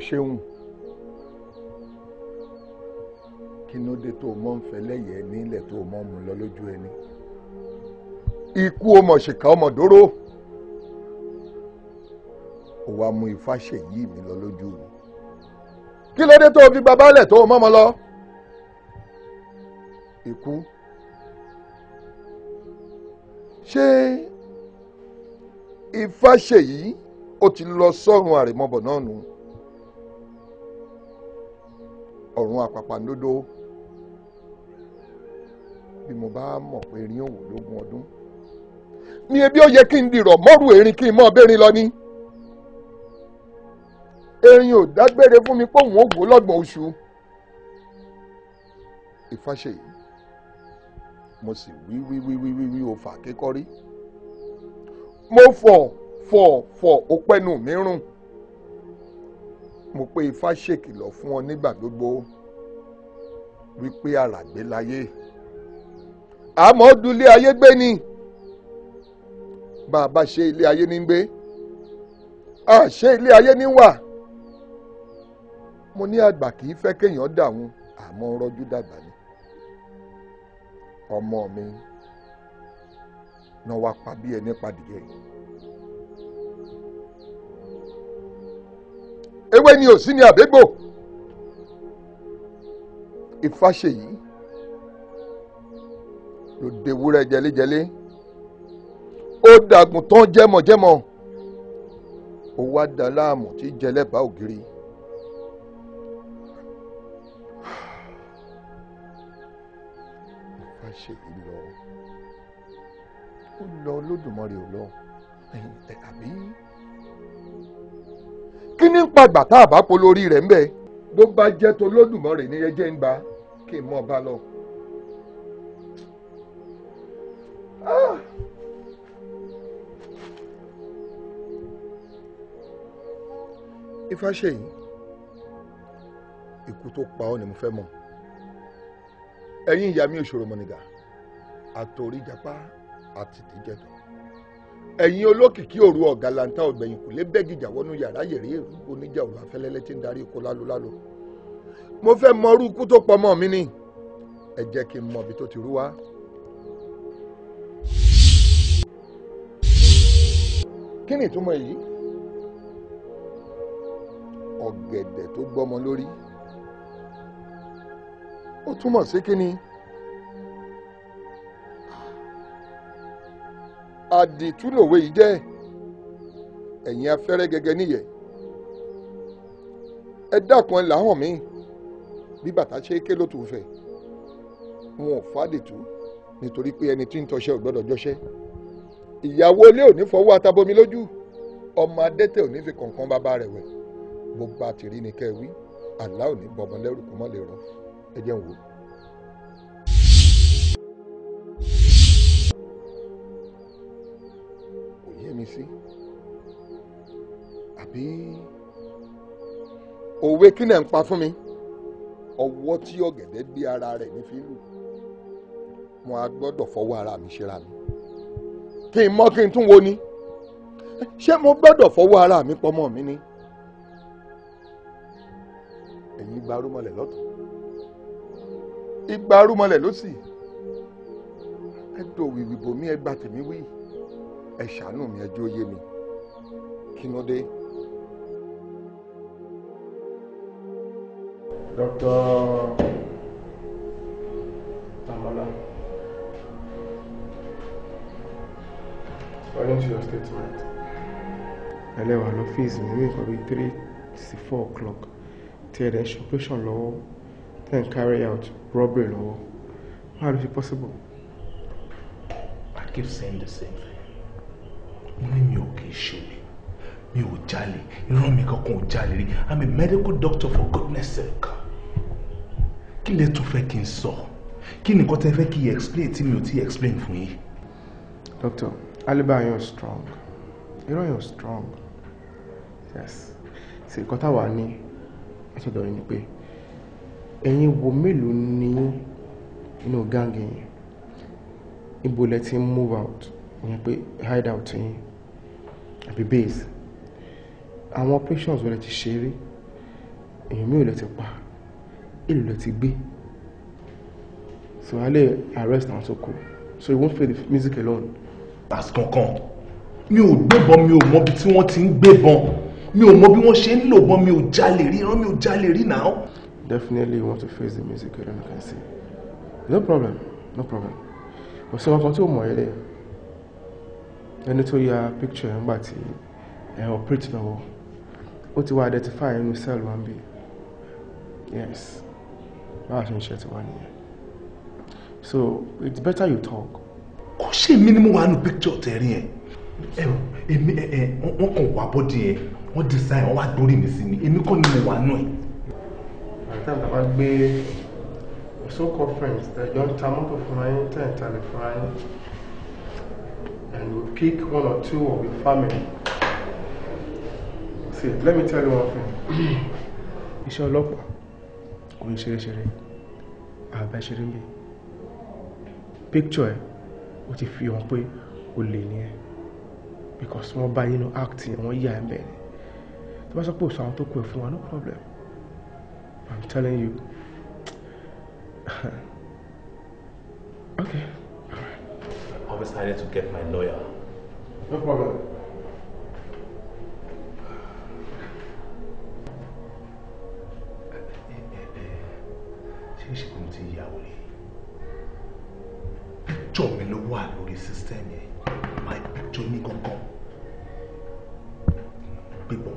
ṣeun kí ló dé tó o mọ̀ ń fẹ́ lẹ́yẹ̀ nílẹ̀ tó o mọ̀ mú lọ lójú ẹni ikú ọmọ ṣìkà ọmọ dóró ó wá mú ifá ṣèyí mi lọ lójú mi kí ló dé tó o fi bàbá lẹ̀ tó o mọ̀ mọ́ lọ ikú ṣé ifá ṣèyí ó ti lọ sọ́run àrèmọ́bọ̀ náà nù ọ̀run àpàpàǹdodo bí mo bá mọ̀ pé erin òwò lógún ọdún ni ebi ó yẹ kí n dìrọ̀ mọ́rù erin kí n mọ́ bẹ́rin lọ ni erin ò dágbére fún mi pé òun ò gbó lọ́gbọ̀n oṣù ìfàṣẹ yìí mo sì wí wí wí wí wí wí o fà kékọ́rí mo fọ̀ fọ̀ fọ̀ ó pẹ́nu mi rùn mo pé ifá ṣèkìlọ̀ fún ọ nígbà gbogbo wípé àràgbé láyé àmọ́ dulé ayé gbé ni bá a bá ṣe ilé ayé ní gbé a ṣe ilé ayé ní wà mo ní àgbà kì í fẹ́ kéèyàn dàrún àmọ́ rọ́jú dàgbà ni ọmọ mi náà wá pa bí ẹni padìyẹ yìí. ewé ni òsín ni àbégbò ìfàṣeyí ló dewúrẹ́ jẹlẹ́jẹlẹ́ ó dàgùn tán jẹ́mọ̀jẹ́mọ̀ ó wá da láàmú tí jẹlẹ́bà ògiri. ìfàṣeyí lọ ó lọ Olódùmarè ò lọ àbí kí ní ń pàgbà tá a bá polórí rẹ̀ ń bẹ̀. bó bá jẹ́ tó lódùmọ̀rẹ̀ ní ẹjẹ́ ń gba kí n mọ̀ bá lọ. Ah! Ifáṣèyí ikú tó pa ọ́ ni mo fẹ́ mọ̀ ẹ̀yin ìyá mi òṣòro mọ̀nìgà àtòrí japa àti tìjẹtọ̀ ẹ̀yin olókìkí òru ọ̀gàlàǹtà ọ̀gbẹ̀yìn kò lè bẹ́gìjà wọnú yàrá yèrè èrú oníjà òru afẹ́lẹ́lẹ́ tí ń darí ikú lálólálò mo fẹ́ mọ irú ikú tó pọ̀ mọ́ mi ni ẹ jẹ́ kí n mọ ibi tó ti rú wá. kí ni ìtumọ̀ èyí ọ̀gẹ̀dẹ̀ tó gbọ́mọ lórí ó túmọ̀ sí kí ni. àdìtú lòwe yìí jẹ́ ẹ̀yin afẹ́rẹ́ gẹ́gẹ́ níyẹ̀ ẹ dákun ẹ làwọn mi bí bàtà ṣe ké ló tún fẹ́ wọn ò fàdìtú nítorí pé ẹni tí ń tọṣẹ ò gbọ́dọ̀ jọṣẹ ìyàwó ilé ò ní fọwọ́ atabomi lójú ọmọ adẹ́tẹ̀ ò ní fi kọ̀ọ̀kan bàbá rẹ̀ wẹ̀ gbogbo àtìrí ni kẹ́ ẹ wí àlá ò ní bọ̀mọ́ lẹ́rù kó mọ́ lè rọ ẹ jẹun wò ó. mi sí àbí òwe kí náà ń pa fún mi ọwọ́ tí ọ̀gẹ̀dẹ̀ gbé ara rẹ̀ ní fílù mo á gbọ́dọ̀ fọwọ́ ara mi ṣera mi kí n mọ́ kí n tún wo ni ṣé mo gbọ́dọ̀ fọwọ́ ara mi pọmọ mi ni ẹ̀yin gba arúmọlẹ̀ lọ́tọ̀ igba arúmọlẹ̀ ló sì ẹ dòwìwì bòmí ẹ gba tèmi wí ẹ ṣàánú mi ẹjọ́ yé mi kí ló dé. dókítà Tamola according to your statement ẹlẹ́wà lọ́fíìsì mi ní nǹkan bíi three to four o'clock tí ẹ̀rẹ̀ ṣe operation lọ́wọ́ then carry out robbery lọ́wọ́ how is it possible? I keep saying the same thing wọ́n mi ò kì í ṣe mi mi ò jalè irọ́ mi kankan ò jalè rí i'm a medical doctor for goodness sake kí lè tún fẹ́ kí n sọ kí nìkan tẹ́ fẹ́ kí n explain tí mi ò ti explain fún yín. doctor aliba you're strong irọ́ you're strong yes ṣe nǹkan táwa ní ìṣọ̀dọ̀ yìí ni pé ẹ̀yin wo mélòó ní inú gáàngì yìí ibo lẹ ti move out ìyẹn pé hide out yìí àbí base àwọn operations wọlé ti ṣe rí èèyàn mi ò lè ti pa ìlú lè ti gbé so a lè arrest àwọn tó kù so you won't play the music alone. pass kankan mi ò gbébọn mi ò mọbi tí wọ́n ti ń gbébọn mi ò mọ bí wọ́n ṣe ń lòbọn mi ò jalè rí ìran mi ò jalè rí now. definitely you want to face the music alone I can see no problem no problem But sí wọn kan tí ò mọ̀ ẹ́ lẹ́yìn ẹni tó ya picture ẹ̀ ńgbà tí ẹ̀ eh, operate lọ́wọ́ ó ti wá identify inú cell one b yes báwa ṣe ń ṣe tiwa so it's better you talk. kò ṣe èmi ni wà nù picture tẹ̀rí yẹn ẹ èmi ẹ ẹ wọ́n kàn wá bọ́dì yẹn wọ́n design wọ́n wá dórí mi sí ni èmi kọ́ ni mo wà nù ẹ̀. àtàwọn so-called friends tẹ̀jọ́ ń ta mọ́tò fúnra yín tẹ̀ ń talẹ̀ fúnra and you pick one or two of the family. See, let me tell you one thing. Iṣẹ́ ọlọ́pàá kò ń ṣeré ṣeré, I'll ṣeré ń bí. Picture what if you want to go o lè because more bá yín lọ act wọ́n yà ẹ̀ bẹ́ẹ̀ ni. Tí wọ́n sọ pé òṣù àwọn tó no problem. I'm telling you. okay. I started to get my lawyer. No problem. ṣe kò ti yà wòlé píkítọ̀ mi ló wà lórí sísítẹ́ẹ̀mù yẹn máa píkítọ̀ ní gangan gbébọn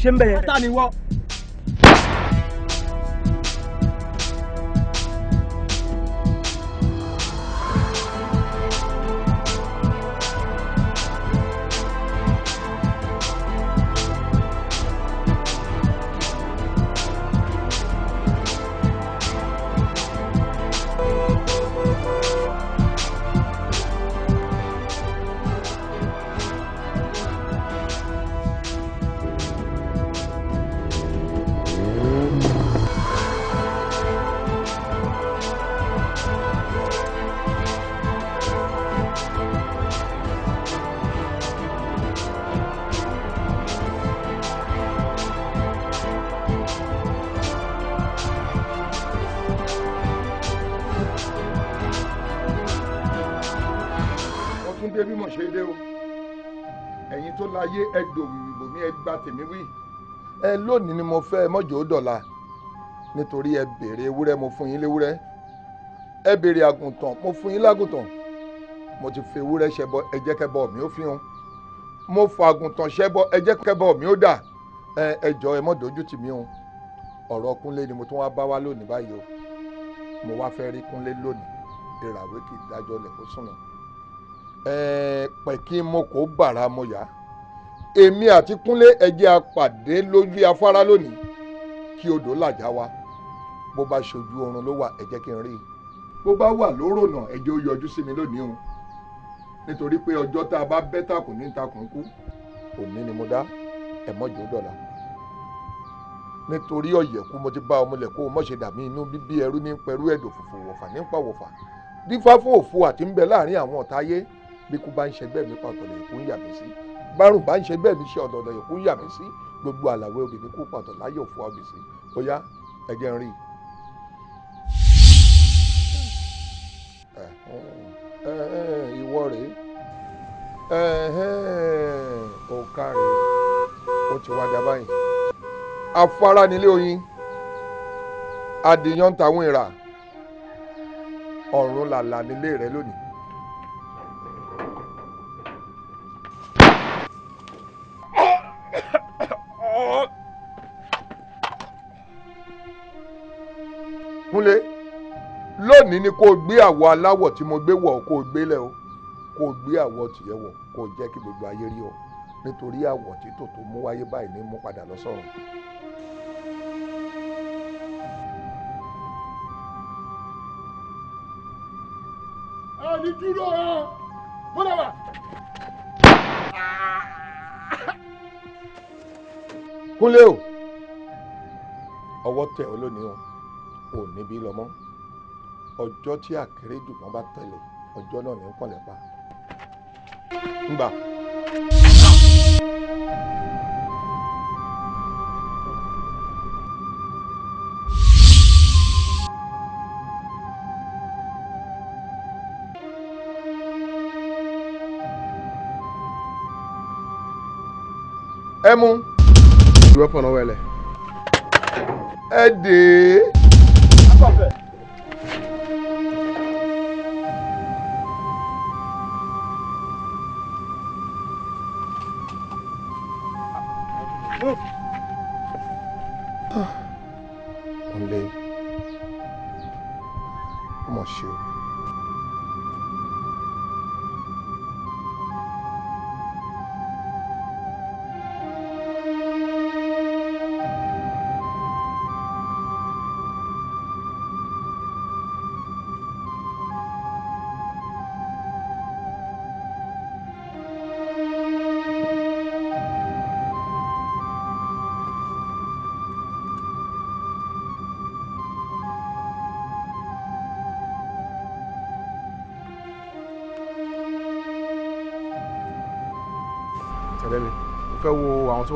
先北，大礼我。tèmi wí ẹ lónìí ni mo fẹ́ ẹ mọ́jọ́ ó dọ̀la nítorí ẹ béèrè ewúrẹ́ mo fún yín léwúrẹ́ ẹ béèrè àgùntàn mo fún yín lágùntàn mo ti fi ewúrẹ́ ṣẹbọ ẹ jẹ́ kẹ́bọ mi ó fi hàn mo fọ àgùntàn ṣẹbọ ẹ jẹ́ kẹ́bọ mi ó dà ẹ ẹ jọ ẹ mọ́ dojú tì mí o ọ̀rọ̀ kúnlé ni mo tún wá bá wá lónìí báyìí o mo wá fẹ́ rí kúnlé lónìí ìràwé kì í dájọ́ lẹ̀ sùn lọ ẹ pẹ̀ kí mo kó bàrà mo yá èmi àti kúnlé ẹjẹ́ apàdé lójú afárá lónìí kí odò làjá wa bó bá ṣojú oorun ló wà ẹ jẹ́ kí n rí i bó bá wà lórònà ẹ jẹ́ ó yọjú sí mi lónìí o nítorí pé ọjọ́ tá a bá bẹ́ tàkùn ní takùn kú òní ni mo dá ẹ mọ́jú dọ̀la nítorí ọ̀yẹ̀kú mo ti bá ọmọlẹ̀ kó o mọ̀ ṣe dàmí inú bíbí ẹrú ní pẹ̀rú ẹ̀dọ̀ fòfò wọ̀fà nípa wọ̀fà dífá òfu àti ń bẹ láàrin àwọn ọ̀tá ayé bí kú bá ń ṣẹgbẹ́ mi pàtó lè kú ń yàgbé sí bárùn bá ń ṣe bẹ́ẹ̀ mi ṣe ọ̀dọ̀ọ̀dọ̀ yòókù ń yà mí sí gbogbo àlàwé òde mi pàtó láyé òfò ọ̀bì sí ó yá rí i. ìwọ rèé òǹkà rèé ó ti wá dá báyìí afárá nílé oyin adìyàn táwọn ìrà ọ̀run làlà nílé rẹ lónìí. kúnlé lónìí ni kò gbé àwọ̀ aláwọ̀ tí mo gbé wọ̀ kò gbé lẹ̀ o kò gbé àwọ̀ tìyẹ̀ wọ̀ kò jẹ́ kí gbogbo ayé rí ọ nítorí àwọ̀ títò tó mú wáyé báyìí ní mú padà lọ ẹni dúró ọ bọ́dà wà. kúnlé o ọwọ́ tẹ̀ ọ́ lónìí o ò níbí lọ mọ́ ọjọ́ tí àkérédùgbọ́n bá tẹ̀lé ọjọ́ náà ní ń kànlẹ̀ pa. ńgbà. ẹ mú. ìwé pọ̀nà wẹlẹ̀. ẹ dèé.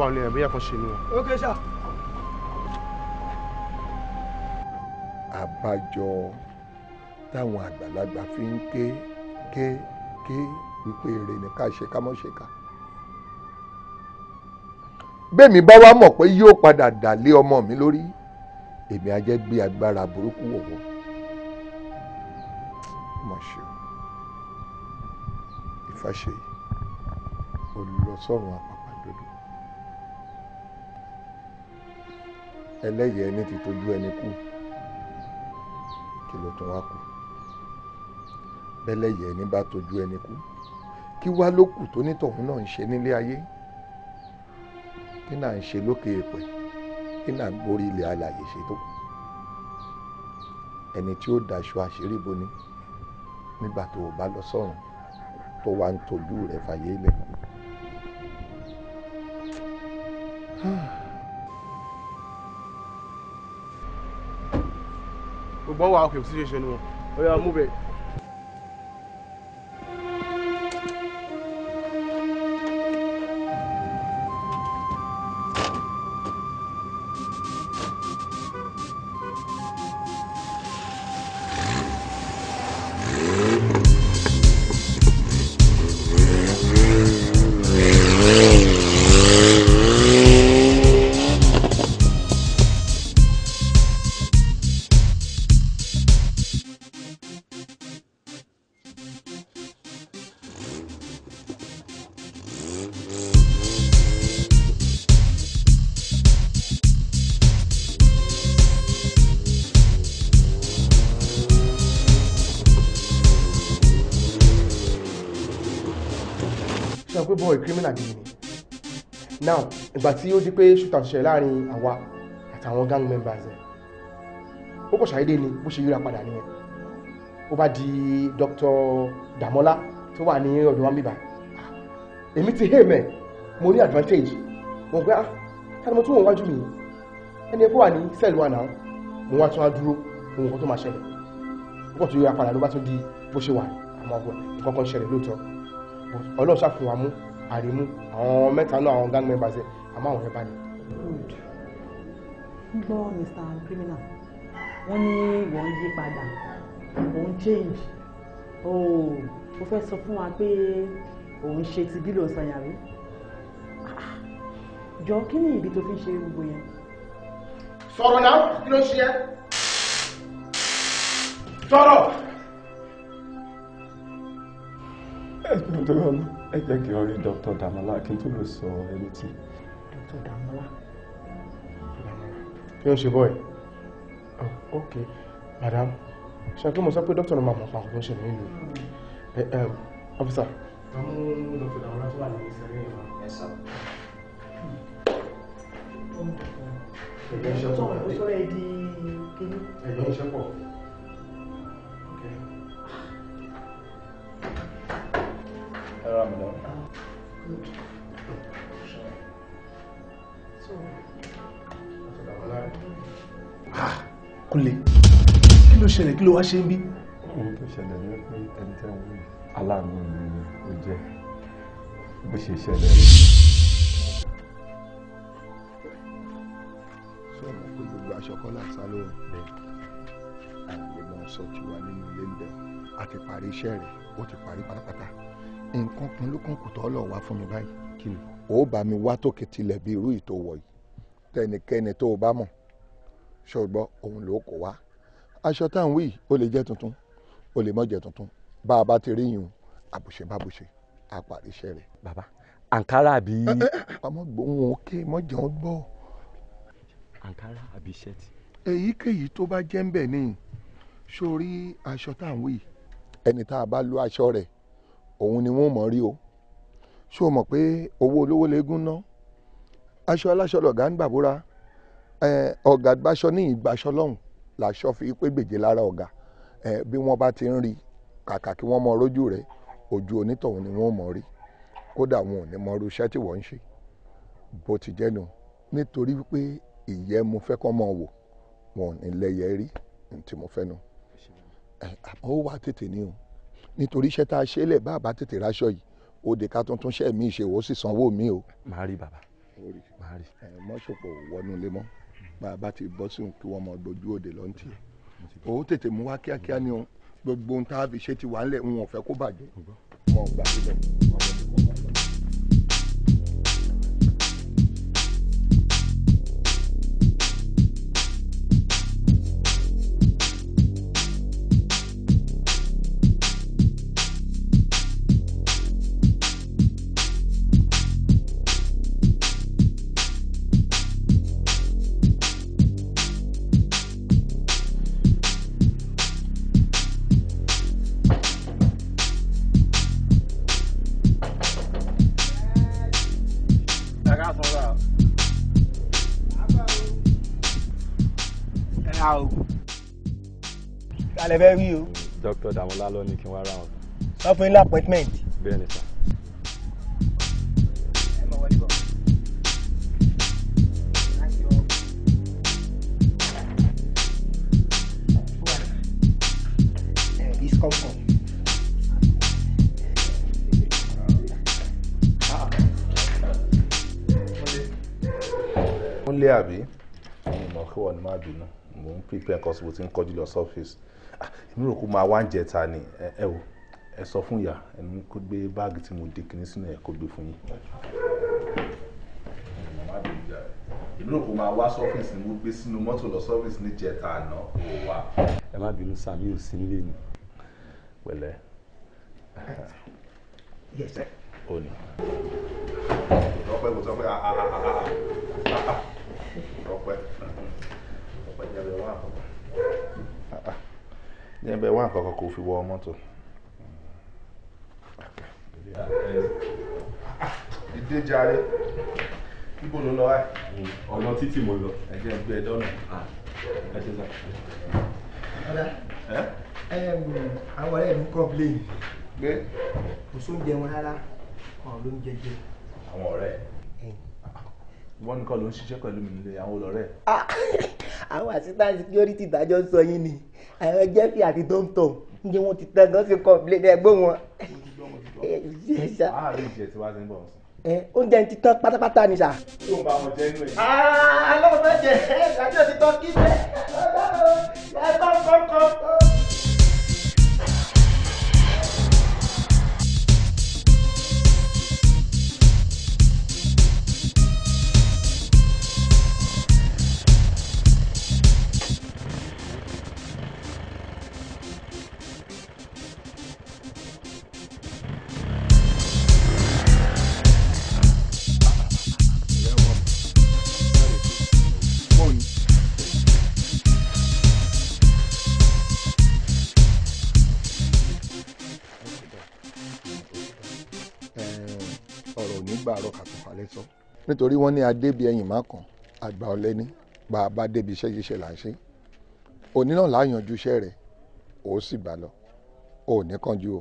wà nílẹ̀ bóyá kan ṣe ni wọn. ok ṣá. àbájọ táwọn àgbàlagbà fi ń ké ké ké wípé èrè ni ká ṣe ká mọ́ ṣe ká. bẹ́ẹ̀ mi bá wá mọ̀ pé yóò padà dà lé ọmọ mi lórí èmi á jẹ́ gbé agbára burúkú wọ̀wọ́ mọ̀ ṣe ìfàṣe olùlọ́sọ̀rùn apá. ẹlẹ́yẹ ẹni ti tójú ẹni kú kí ló tún wá kù bẹ́lẹ́yẹ ẹni bá tójú ẹni kú kí wá ló kù tó nítọ̀hún náà ń ṣe nílé ayé kí náà ń ṣe lókè èèpẹ̀ kí náà ń borí ilẹ̀ alàyè ṣètò ẹni tí ó daṣọ àṣírí boni nígbà tó o bá lọ sọ́run tó wá ń tọ́jú rẹ̀ fàyè lẹ̀. Ah. gbogbo wa okay situation wọn ó yá move it. ìgbà tí ó di pé shootout ṣẹlẹ̀ láàrin àwa àtàwọn gang members ẹ̀ ó kọ̀ ṣàyédé ni bó ṣe yíra padà nìyẹn ó bá di Dr. Damola tó wà ní ọ̀dọ̀ wọn bíbá ah, èmi ti hẹ́ẹ̀mẹ̀ mo ní advantage mo gbé ah tani mo tún wọn wájú mi ẹni ẹkọ wà ní sẹ́ẹ̀lì wa náà mo wá tún á dúró ohun kan tó máa ṣẹlẹ̀ ó kọ̀ tó yíra padà ló bá tún di bó ṣe wà àmọ́ ọgbọ̀n nǹkan kan ṣẹlẹ̀ lóòótọ́ ọlọ́ọ̀ṣà fún wa mú àrímú àwọn mẹ́ta náà àwọn gang members ẹ̀ àmọ́ àwọn yẹn bá good gbọ́ mr criminal wọ́n ní wọ́n yí padà òun change oh o fẹ́ sọ fún wa pé òun ṣe ti bílò sanyàrí jọ kí ni ìdí tó fi ń ṣe gbogbo yẹn. sọ̀rọ̀ náà kí ló ṣe é sọ̀rọ̀. ẹ jẹ́ kí n rí dr Damola kí n tó lè sọ ẹni tí to Damola. Kí ló ń ṣe bọ́ọ̀ ẹ̀? Oh, ok, madam, ṣe àpé mo sọ pé dókítà náà máa mọ̀ pa ọ̀gbọ́n ṣẹlẹ̀ nílùú. Ọ́físà. Àwọn olùdókítà Damola tó wà ní ìsẹ̀rí ìwà. Ẹ Kúnlé kí ló ṣẹlẹ̀ kí ló wá ṣe ń bí. ohun tó ṣẹlẹ̀ ni pé ẹni tẹ́ ń wí aláàánú mi ni ó jẹ́ bó ṣe ṣẹlẹ̀ rẹ̀. sọ ma pé gbogbo aṣọ kan náà sá lóhùn bẹ́ẹ̀ àgbẹ̀mọ̀ sọ ti wà nínú ilé ń bẹ̀ a ti parí iṣẹ́ rẹ̀ ó ti parí pátápátá nǹkan kan ló kàn kù tọ́ lọ wá fún mi báyìí ó bá mi wá tòkè tilẹ̀ bí irú ìtòwọ̀ yìí tẹnikẹ́ni tó o bá mọ̀ ṣọgbọ́ òun ló kó wá aṣọ tá à ń wí ó lè jẹ́ tuntun ó lè má jẹ́ tuntun bá a bá ti rí yun àbùṣe bábùṣe àpàrí iṣẹ́ rẹ̀. bàbá àǹkárá àbí. Eh, eh, eh, ọmọ gbòòhùn òkè mọ́jọ́ ń gbọ́. àǹkárá àbí ṣẹ́ẹ̀tì. èyíkéyìí tó bá jẹ́ ń bẹ̀ ni sórí aṣọ tá à ń wí ẹni tá a bá lo aṣọ rẹ̀ òun ni wọ́n mọ̀ rí o ṣó mọ̀ pé owó olówó lè gún ná aṣọ aláṣọ lọ̀gá ń gbàbúra ọ̀gá gbaṣọ ní ìgbaṣọ lọ́hùn làṣọ fi pé gbèjè lára ọ̀gá bí wọ́n bá ti ń rí kàkà kí wọ́n mọ rójú rẹ̀ ojú onítọ̀hún ni wọ́n mọ̀ rí kódà wọn ò ní mọ irú iṣẹ́ tí wọ́n ń ṣe bó ti jẹ́ nu nítorí pé ìyẹ́ mo fẹ́ kọ́ mọ wò wọn ò ní lẹ́yẹ rí tí mo fẹ́ nu àmọ́ ó wà tètè ní o nítorí iṣẹ́ tá a ṣe lẹ̀ bá a bá tètè ráṣọ yìí ó de ká tuntun ṣẹ́ mi ṣe ó sì sanwó mi o. màá rí bàbá màá rí. ẹ mọ́ṣọ̀pọ̀ wọnú ilé mọ́ bá a bá ti bọ́ sí òun kí wọ́n mọ̀ dojú òde lọ́ntì ẹ̀ ó tètè mú wá kíákíá ni gbogbo ohun tá a fi ṣe ti wà ń lẹ̀ ń wọ̀n fẹ́ kó bàjẹ́ mọ̀ gbà sílẹ̀. gbà fúnra o. ẹ ra o. kálẹ̀ fẹ́ rí o. dókítà Dàmọ́lá ló ní kí n ra wọn. wọ́n fún yín appointment. bẹ́ẹ̀ ni sá. clear àbí ìmọ̀ kí wọ́n ní má bínú mò ń prepare nǹkan síbi tí ń kọjú lọ surface ah, èmi rò kó máa wá ń jẹ ta ni ẹ wò ẹ sọ fún ìyá ẹni kó gbé báàgì tí mo di kinní sínú ẹ kó gbé fún yín. èmi rò kó máa wá surface ni mo gbé sínú mọ́tò lọ surface ní jẹta àná kó wà. ẹ má bínú sami ò sí nílé ni. pẹ̀lẹ́. ó ní. ọpẹ́ kò sọ pé a a a a a ọpẹ́ ọpẹ́ jẹbẹ wá àkọ́kọ́ ah, ah. jẹbẹ wá àkọ́kọ́ kò fi wọ mọ́tò. dídé jàre ibo ló lọ wáyé. ọ̀nà títì mo lọ. ẹ jẹ́ gbé e ah, ẹ dọ́nà. ẹ ṣe sá. ọ̀dà àwọn ọ̀rẹ́ mi complain pé kò sóúnjẹ wọn rárá wọn ò lóúnjẹ jẹ. àwọn ọ̀rẹ́ ẹ̀ wọ́n nìkan ló ń ṣiṣẹ́ pẹ̀lú mi nílé àwọn olọ́rẹ́. Ah, àwọn assistant security ìdájọ́ sọ yín ni àwọn jẹ́fì àti tomtom ní wọ́n ti tẹ́ gan sí complain ẹgbẹ́ wọn. àárín ìjẹ tí wàá ti ń bọ̀ sí. oúnjẹ ti tán pátápátá ni sà. tó ń bá wọn jẹ inú ah, ẹ. alọ́ máa jẹ ẹ̀ ṣàjọ́ ti tán kí bẹ́ẹ̀ ẹ̀ bá kọ́kọ́. ní gbàrọ̀ kàtúfàlẹ́ sọ nítorí wọ́n ní adébí ẹ̀yìn má kàn àgbà ọ̀lẹ́ni bá a bá débi iṣẹ́ yìí ṣe là ń ṣe òní náà láàyànjú iṣẹ́ rẹ̀ ó sì gbà lọ ò ní kánjú o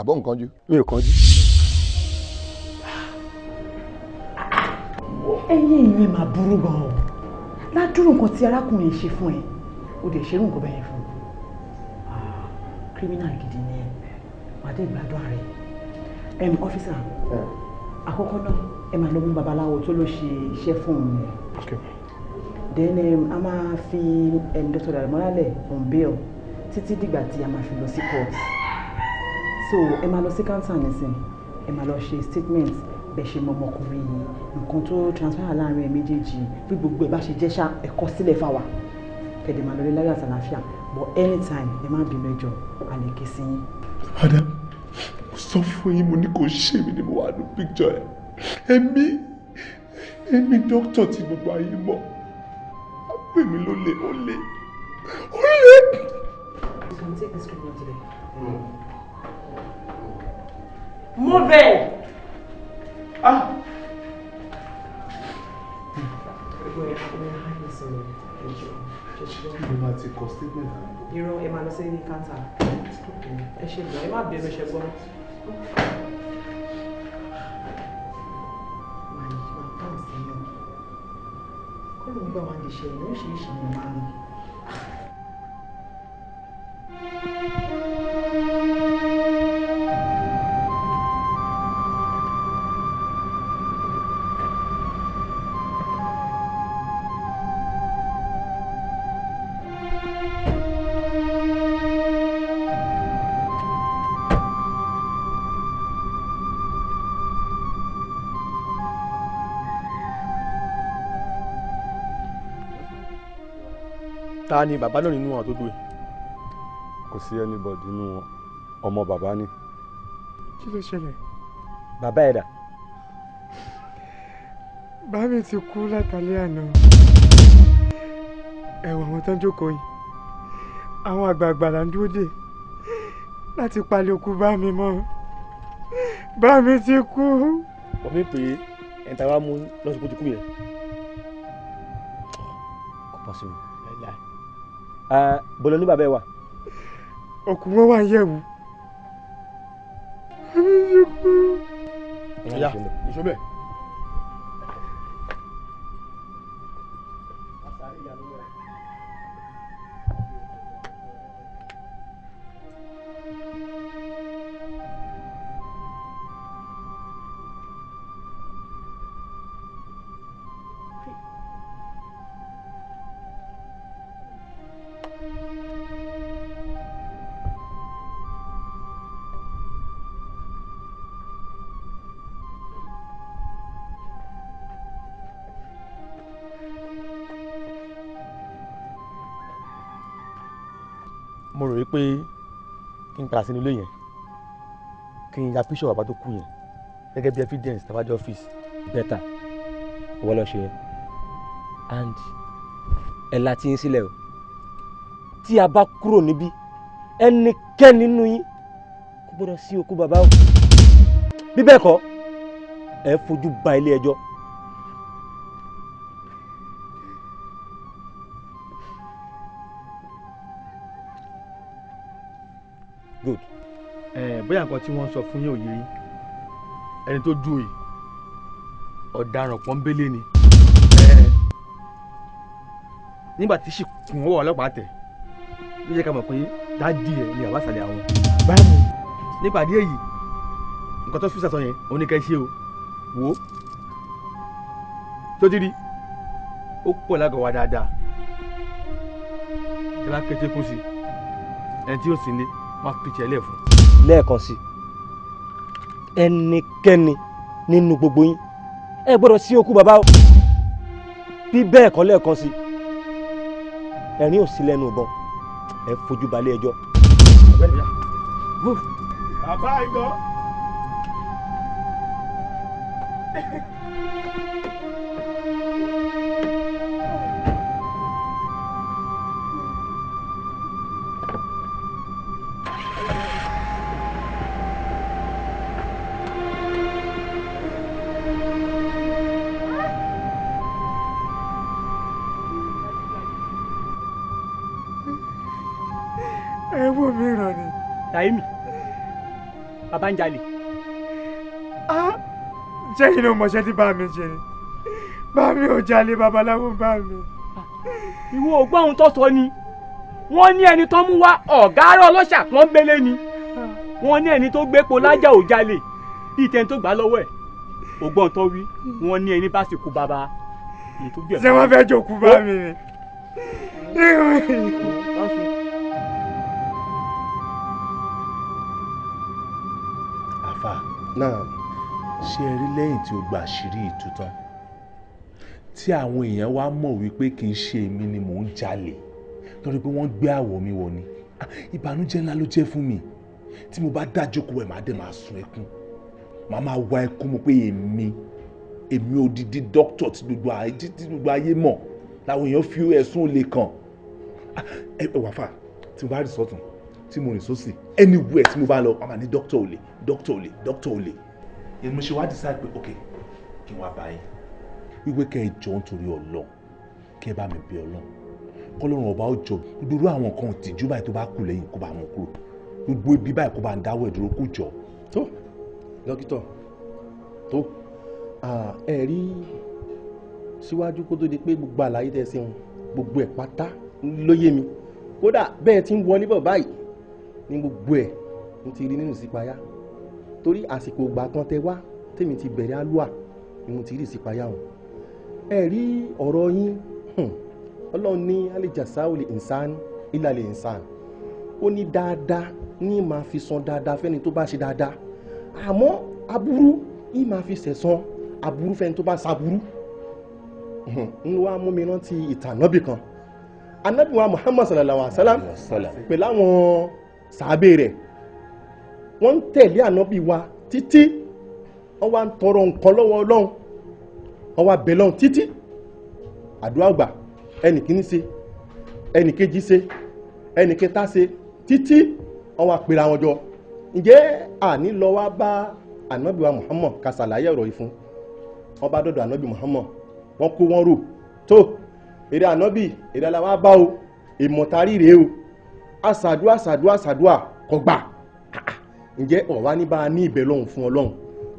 àbọ̀ ń kánjú. mi ò kánjú. ẹyin ìyẹn máa burú gan o ládùúrù nǹkan tí arákùnrin ṣe fún ẹ o dẹ̀ ṣerú nǹkan bẹ́ẹ̀ fún un kírímínà gidi ni ẹ wàá dé ìgbádùn ààrẹ ẹ ọ́fíìsà àkọ́kọ́ náà ẹ máa lọ mú babaláwo tó lọ ṣe iṣẹ́ fún òun then a máa fi Dr. Dàmọ́lálẹ̀ on bail títí dìgbà tí a máa fi lọ sí court so ẹ máa lọ sí counter nísìn ẹ máa lọ ṣe statement bẹ́ẹ̀ ṣe mọ ọmọkùnrin nǹkan tó transfer láàrin ẹ méjèèjì bí gbogbo ẹ bá ṣe jẹ́ ṣá ẹ̀kọ́ sílẹ̀ fáwa kẹ̀dẹ̀ máa lọ lé láyọ̀ àtàlàfíà but anytime ẹ má bínú ẹjọ́ àlèkè sí yín. madam sọ fún yín mo ní kò ṣe mí ni mo wà ní píkítọ̀ ẹ̀ ẹ̀mí ẹ̀mí dókítà tí gbogbo ayé mọ̀ á pè mí lólè olè olè. Move it! Ah! Where, where are statement. Ìrọ̀ ẹ̀ máa lọ sí ní Ẹ ṣe gbọ́, ẹ má bẹ̀rù ṣe gbọ́. 妈，你别放心了，我你。ta ni bàbá náà nínú àwọn tó dúró yìí. kò sí anybody nínú wọn ọmọ bàbá ni. kí ló ṣẹlẹ̀. bàbá ẹ̀ dà. bàbá mi ti kú látàlẹ́ àná ẹ̀wọ̀n àwọn tó ń jókòó yìí àwọn àgbààgbà là ń dúró dè láti palẹ̀ òkú bá mi mọ́ bá mi ti kú. wọ́n mi pè é ẹ̀ńtà wa mú lọ́sọ̀kú ti kú yẹn. kò pọ̀ sí mi bọ́lọ̀ ní bàbá ẹ wà. òkú wọn wà ń yẹ̀wò. ìṣó bẹ́ẹ̀. pé kí n padà sínú ilé yẹn kí n ya píṣọ bàbá tó kú yẹn gẹ́gẹ́ bí evidence tàbájọ́ ọ́fíìsì bẹ́tà wọ́n lọ ṣe yẹn and ẹ̀ láti yín sílẹ̀ o tí a bá kúrò níbí ẹnikẹ́ni nínú yín kò gbọ́dọ̀ sí òkú bàbá o bí bẹ́ẹ̀ kọ́ ẹ fojú ba ilé ẹjọ́. E nǹkan tí wọ́n ń sọ fún yín òye yín ẹni tó dùn yìí ọ̀daràn pọ́nbélé ni nígbà tí ṣìkùn ọwọ́ ọlọ́pàá tẹ̀ ní jẹ́ ká mọ̀ pé dádì ẹ̀ ni àbáṣàlẹ̀ àwọn báyìí nípàdé èyí nǹkan tó fíṣà sọ yẹn oníkẹ́ ṣe o wò ó tó dídí ó pọ̀ lágọ̀ wá dáadáa tí wọ́n á kété kún sí ẹni tí yóò sì ní wọ́n á fi tiẹ̀ lẹ́ẹ̀kan sí ẹnikẹ́ni nínú gbogbo yín ẹ gbọ́dọ̀ sí okú bàbá o bí bẹ́ẹ̀ kọ́ lẹ́ẹ̀kan sí ẹ̀rín ò sí lẹ́nu ìbọn ẹ fojú balẹ̀ ẹjọ́. bàbá ìgbọ́. bàbá ń jalè. ṣé yìí ni mọ̀ṣẹ́ tí bá mi ṣe ni bá mi ò jalè babaláwo bá mi. ìwọ ò gbọ́ ohun tó sọ ni wọ́n ní ẹni tó mú wá ọ̀gá ará ọlọ́ṣà pọ́nbélé ni wọ́n ní ẹni tó gbépo lájà ò jalè ìtẹ́ni tó gbà lọ́wọ́ ẹ̀ ògbọ́n tó wí wọ́n ní ẹni bá sì kú bàbá ṣé wọ́n fẹ́ jòkú bá mi ni. náà ṣé ẹ rí lẹ́yìn tí o gba àṣírí ìtútàn tí àwọn èèyàn wá mọ̀ wípé kì í ṣe èmi ni mò ń jalè torí pé wọ́n gbé àwọ̀ mi wọ̀ ni ah, ìbànújẹ́ ńlá ló jẹ́ fún mi tí mo bá dá jókòó ẹ̀ máa dẹ̀ máa sun ẹkún màá máa wá ẹkún mo pé èmi èmi odidi dókítà tí gbogbo ayé mọ̀ làwọn èèyàn fi ẹ̀sùn olè kàn ah, ẹ wàá fà tí mo bá rìn tí mo rìn sósì anywhere tí mo bá lọ àmà ní dókítà olè doctor olè doctor olè mo ṣe wá decide pé ok kí n wá bá yín wípé kẹ́ ẹ jọ nítorí ọlọ́run kẹ́ ẹ bá mi bí ọlọ́run kọ́lọ́run ọba ó jọ gbogbo àwọn nǹkan ìtìjú báyìí tó bá kù lẹ́yìn kó bá mú kúrò gbogbo ibi báyìí kó bá ń dáwọ́ ìdúró kù jọ. tó dókítà tó ẹ rí síwájú kó tó di pé gbogbo àlàyé tẹ́ ṣe wọn gbogbo ẹ̀ pátá ló yé mi kódà bẹ́ẹ̀ ti ń wọlé bọ̀ báyìí ní gbogbo ẹ̀ ń ti rí nínú ìsípayá torí àsìkò ìgbà kan tẹ wá tèmi ti bẹ̀rẹ̀ alúà ni mo ti rí ìsìpayà wọn ẹ rí ọ̀rọ̀ yín ọlọ́run ní alẹ́jàsá olè ìsán ìlàlẹ̀ ìsán ó ní dáadáa ní máa fi san dáadáa fẹ́ni tó bá ṣe dáadáa àmọ́ aburú yìí máa fi sẹ̀san aburú fẹ́ni tó bá ṣaburú ń wá mú mi rántí ìtàn ànábì kan ànábì wa sallallahu alaihi wa sallam pẹ̀lú àwọn sàábẹ̀ rẹ̀ wọ́n ń tẹ̀lé ànábì wa títí wọ́n wá ń tọrọ nǹkan lọ́wọ́ ọlọ́run wọ́n wá bẹ̀ lọ́run títí àdúrà gbà ẹnì kíní ṣe ẹnì kejì ṣe ẹnì kẹta ṣe títí wọ́n wá pera wọn jọ ǹjẹ́ àní lọ wá bá ànábì wa Muhammad ká ṣàlàyé ọ̀rọ̀ yìí fún wọ́n bá dọ̀dọ̀ ànábì Muhammad wọ́n kó wọn rò tó èrè ànábì èrè aláwa bá o ìmọ̀tárì rèé o àṣàdúà àṣàdúà àṣàdúà kò ǹjẹ́ ọ̀wá ní bá a ní ìbẹ̀ lọ́hùn fún ọlọ́hùn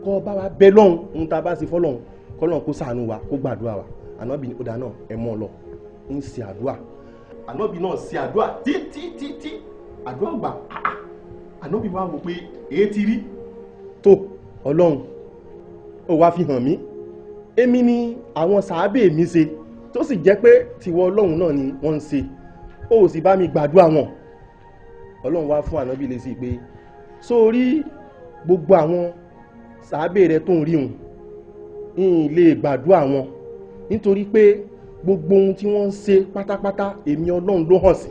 kọ́ bá wa bẹ lọ́hùn ń ta bá ṣe fọ́lọ́hùn kọ́lọ́hùn kó ṣàánú wa kó gbàdúrà wa ànábì ní ọ̀dà náà ẹ mọ́ ọ lọ ń ṣe àdúrà ànábì náà ṣe àdúrà títítítí àdúrà gbà ah, ah. ànábì wa wò pé èé ti rí tó ọlọ́hùn ó wá fi hàn mí èmi ni àwọn sàábẹ̀ mi ṣe tó sì jẹ́ pé tiwọ ọlọ́hùn náà ni wọ́n ń ṣe ó sì bá mi gbàdúrà wọn ọlọ́hùn wá fún ànábì lè sí pé so rí gbogbo àwọn sàábẹ̀ rẹ tó ń rí wọn ń lè gbàdúrà wọn nítorí pé gbogbo ohun tí wọ́n ń ṣe pátápátá èmi ọlọ́run ló hàn sí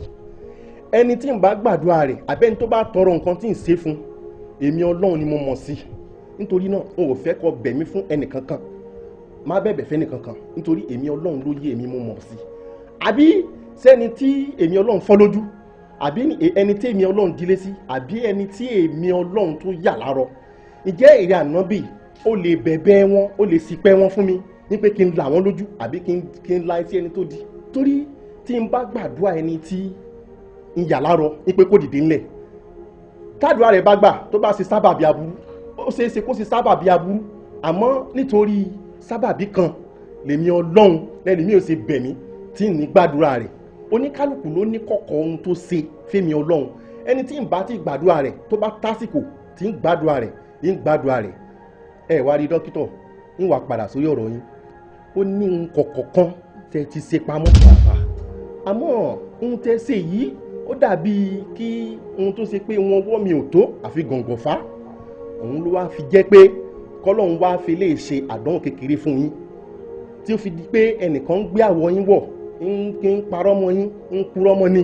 ẹni tí ń bá gbàdúrà rẹ̀ àbẹ́ni tó bá tọrọ nǹkan tí ń ṣe fún èmi ọlọ́run ni mo mọ̀ sí nítorí náà o ò fẹ́ kọ bẹ̀mí fún ẹnìkankan má bẹ̀bẹ̀ fẹ́ nìkankan nítorí èmi ọlọ́run ló yé èmi mo mọ̀ sí àbí sẹ́ni tí èmi ọlọ́run fọ́ lójú àbí ẹni tí èmi ọlọ́run dílé sí àbí ẹni tí èmi ọlọ́run tó yà lárọ ìjẹ́ èrè ànábì ó lè bẹ̀bẹ̀ wọn ó lè ṣìpẹ̀ wọn fún mi ní pé kí n là wọ́n lójú àbí kí n la etí ẹni tó di torí tí n bá gbàdúrà ẹni tí ń yà lárọ ní pé kó dìde ńlẹ̀ tádùá rẹ̀ bá gbà tó bá ṣe sábàbí aburú ó ṣeé ṣe kó ṣe sábàbí aburú àmọ́ nítorí sábàbí kan lèmi ọlọ́run lẹ́ni mi ò ṣe bẹ̀mí tí ń ní gbàdúrà rẹ̀ oníkálukú ló ní kọ̀kọ̀ ohun tó ṣe fẹ́mi ọlọ́run ẹni tí ń bá ti gbàdúrà rẹ̀ tó bá tásìkò tí ń gbàdúrà rẹ̀ ń gbàdúrà rẹ̀ ẹ wá rí dókítọ̀ ń wà padà sórí ọ̀rọ̀ yín ó ní ohun kọ̀kọ̀ kan tẹ ti ṣe pamọ́ pàápàá àmọ́ ohun tẹ ṣe yìí ó dàbí kí ohun tó ṣe pé wọn wọ́ mi ò tó àfi gàngànfà òun ló wá fi jẹ́ pé kọ́lọ́hún wá fi lè ṣe àdánwò kékeré fún yín tí ó fi di pé ẹnìkan ń gbé àwọ̀ yín wọ̀ ń kí ń parọ́ mọ́ yín ń purọ́ mọ́ ni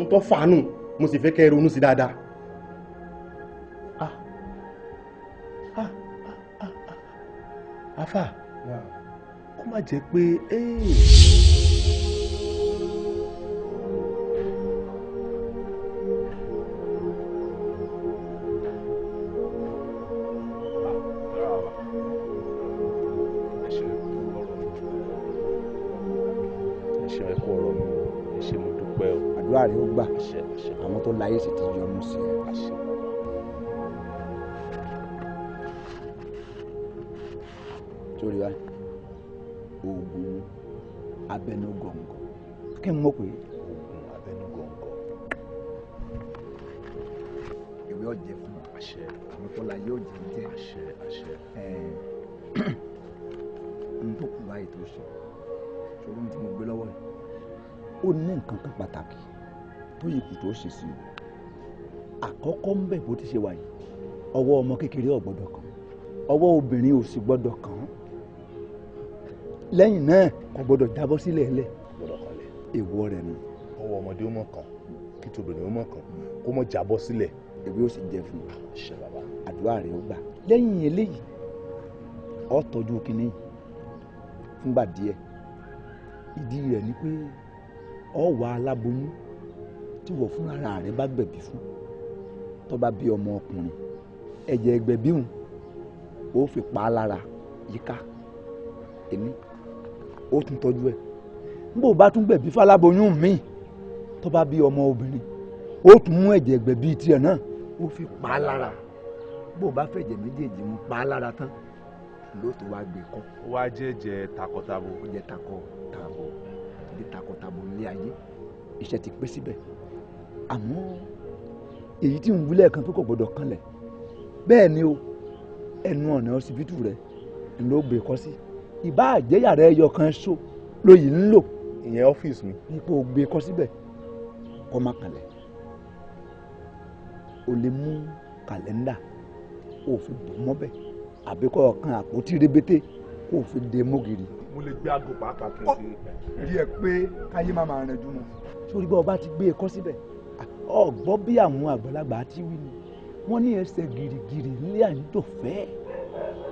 ń tọ́ fàánù mo sì fẹ́ kẹ́ ronú sí dáadáa. afa ah, ah, ah, kó má jẹ́ pé. Eh. tó láyé sì ti yọnu sí ẹ àṣẹ. torí wa oògùn abẹnugọ̀ngọ̀ kí n mọ̀ pé oògùn abẹnugọ̀ngọ̀ ìwé ọ̀jẹ̀ fún àṣẹ àwọn kọ́lá yóò jẹ jẹ àṣẹ àṣẹ n tó kù báyìí tó sọ torí mo ti mo gbé lọ́wọ́ yìí ó ní nǹkan kan pàtàkì tó yìkù tó ṣe sí o àkọ́kọ́ ń bẹ̀ bó ti ṣe wà yìí ọwọ́ ọmọ kékeré ò gbọ́dọ̀ kàn ọwọ́ obìnrin ò sì gbọ́dọ̀ kàn lẹ́yìn náà kò gbọ́dọ̀ jábọ́ sílẹ̀ ẹlẹ̀ èèwọ̀ rẹ̀ nù. ọwọ́ ọmọdé ó mọ̀ kàn kí tobìnrin ó mọ̀ kàn kó mọ̀ jábọ́ sílẹ̀. èwe ó sì jẹ fún un àdúrà rẹ̀ ó gbà. lẹ́yìn eléyìí ó tọ́jú kínní fúngbà díẹ̀ ìdí rẹ̀ ni pé ó wà aláboyún tí wọ́n fúnra rẹ̀ bá gbẹ̀bí fún tó bá bí ọmọ ọkùnrin ẹ̀jẹ̀ ẹgbẹ̀bíhùn ó fi pa á lára yíká èmi ó tún tọ́jú ẹ̀ níbo bá tún gbẹ̀bí fáláboyún míì tó bá bí ọmọ obìnrin ó tún mú ẹ̀jẹ̀ ẹgbẹ̀bí tiẹ̀ náà ó fi pa á lára bó bá fẹ̀jẹ̀ méjèèjì mu pa á lára tán ló tó wá gbé kọ́. wá jẹ́ ẹ̀jẹ̀ takọtabo. ó jẹ́ takọtabo ó jẹ́ takọtabo nílé ayé iṣẹ́ ti pé síbẹ̀ àmọ́ èyí tí ń wúlẹ̀ kan tó kò gbọdọ̀ kanlẹ̀ bẹ́ẹ̀ ni o ẹnu ọ̀nà ọsibítù rẹ ló gbé e kọ́ sí ìbá àjẹyà rẹ yọ kan so ló yìí ń lò. ìyẹn ọ́fíìsì mi. ipò gbé e kọ́ síbẹ̀ kọ́ má kanlẹ̀ o lè mú kàlẹ́ndà o fi bù mọ́bẹ̀ àbí kọ́ ọ̀kan àpótí rébété kó o fi dé mọ́gìrì. mo lè gbé aago pàápàá kí n ṣe. rí ẹ pé káyé má máa rìn jù mọ́. sórí bá ọba ti gbé e kọ́ síbẹ̀ ọgbọ́ bí àwọn àgbàlagbà ti wí ni wọ́n ní ẹsẹ̀ gìrìgìrì nílé àńdòfẹ́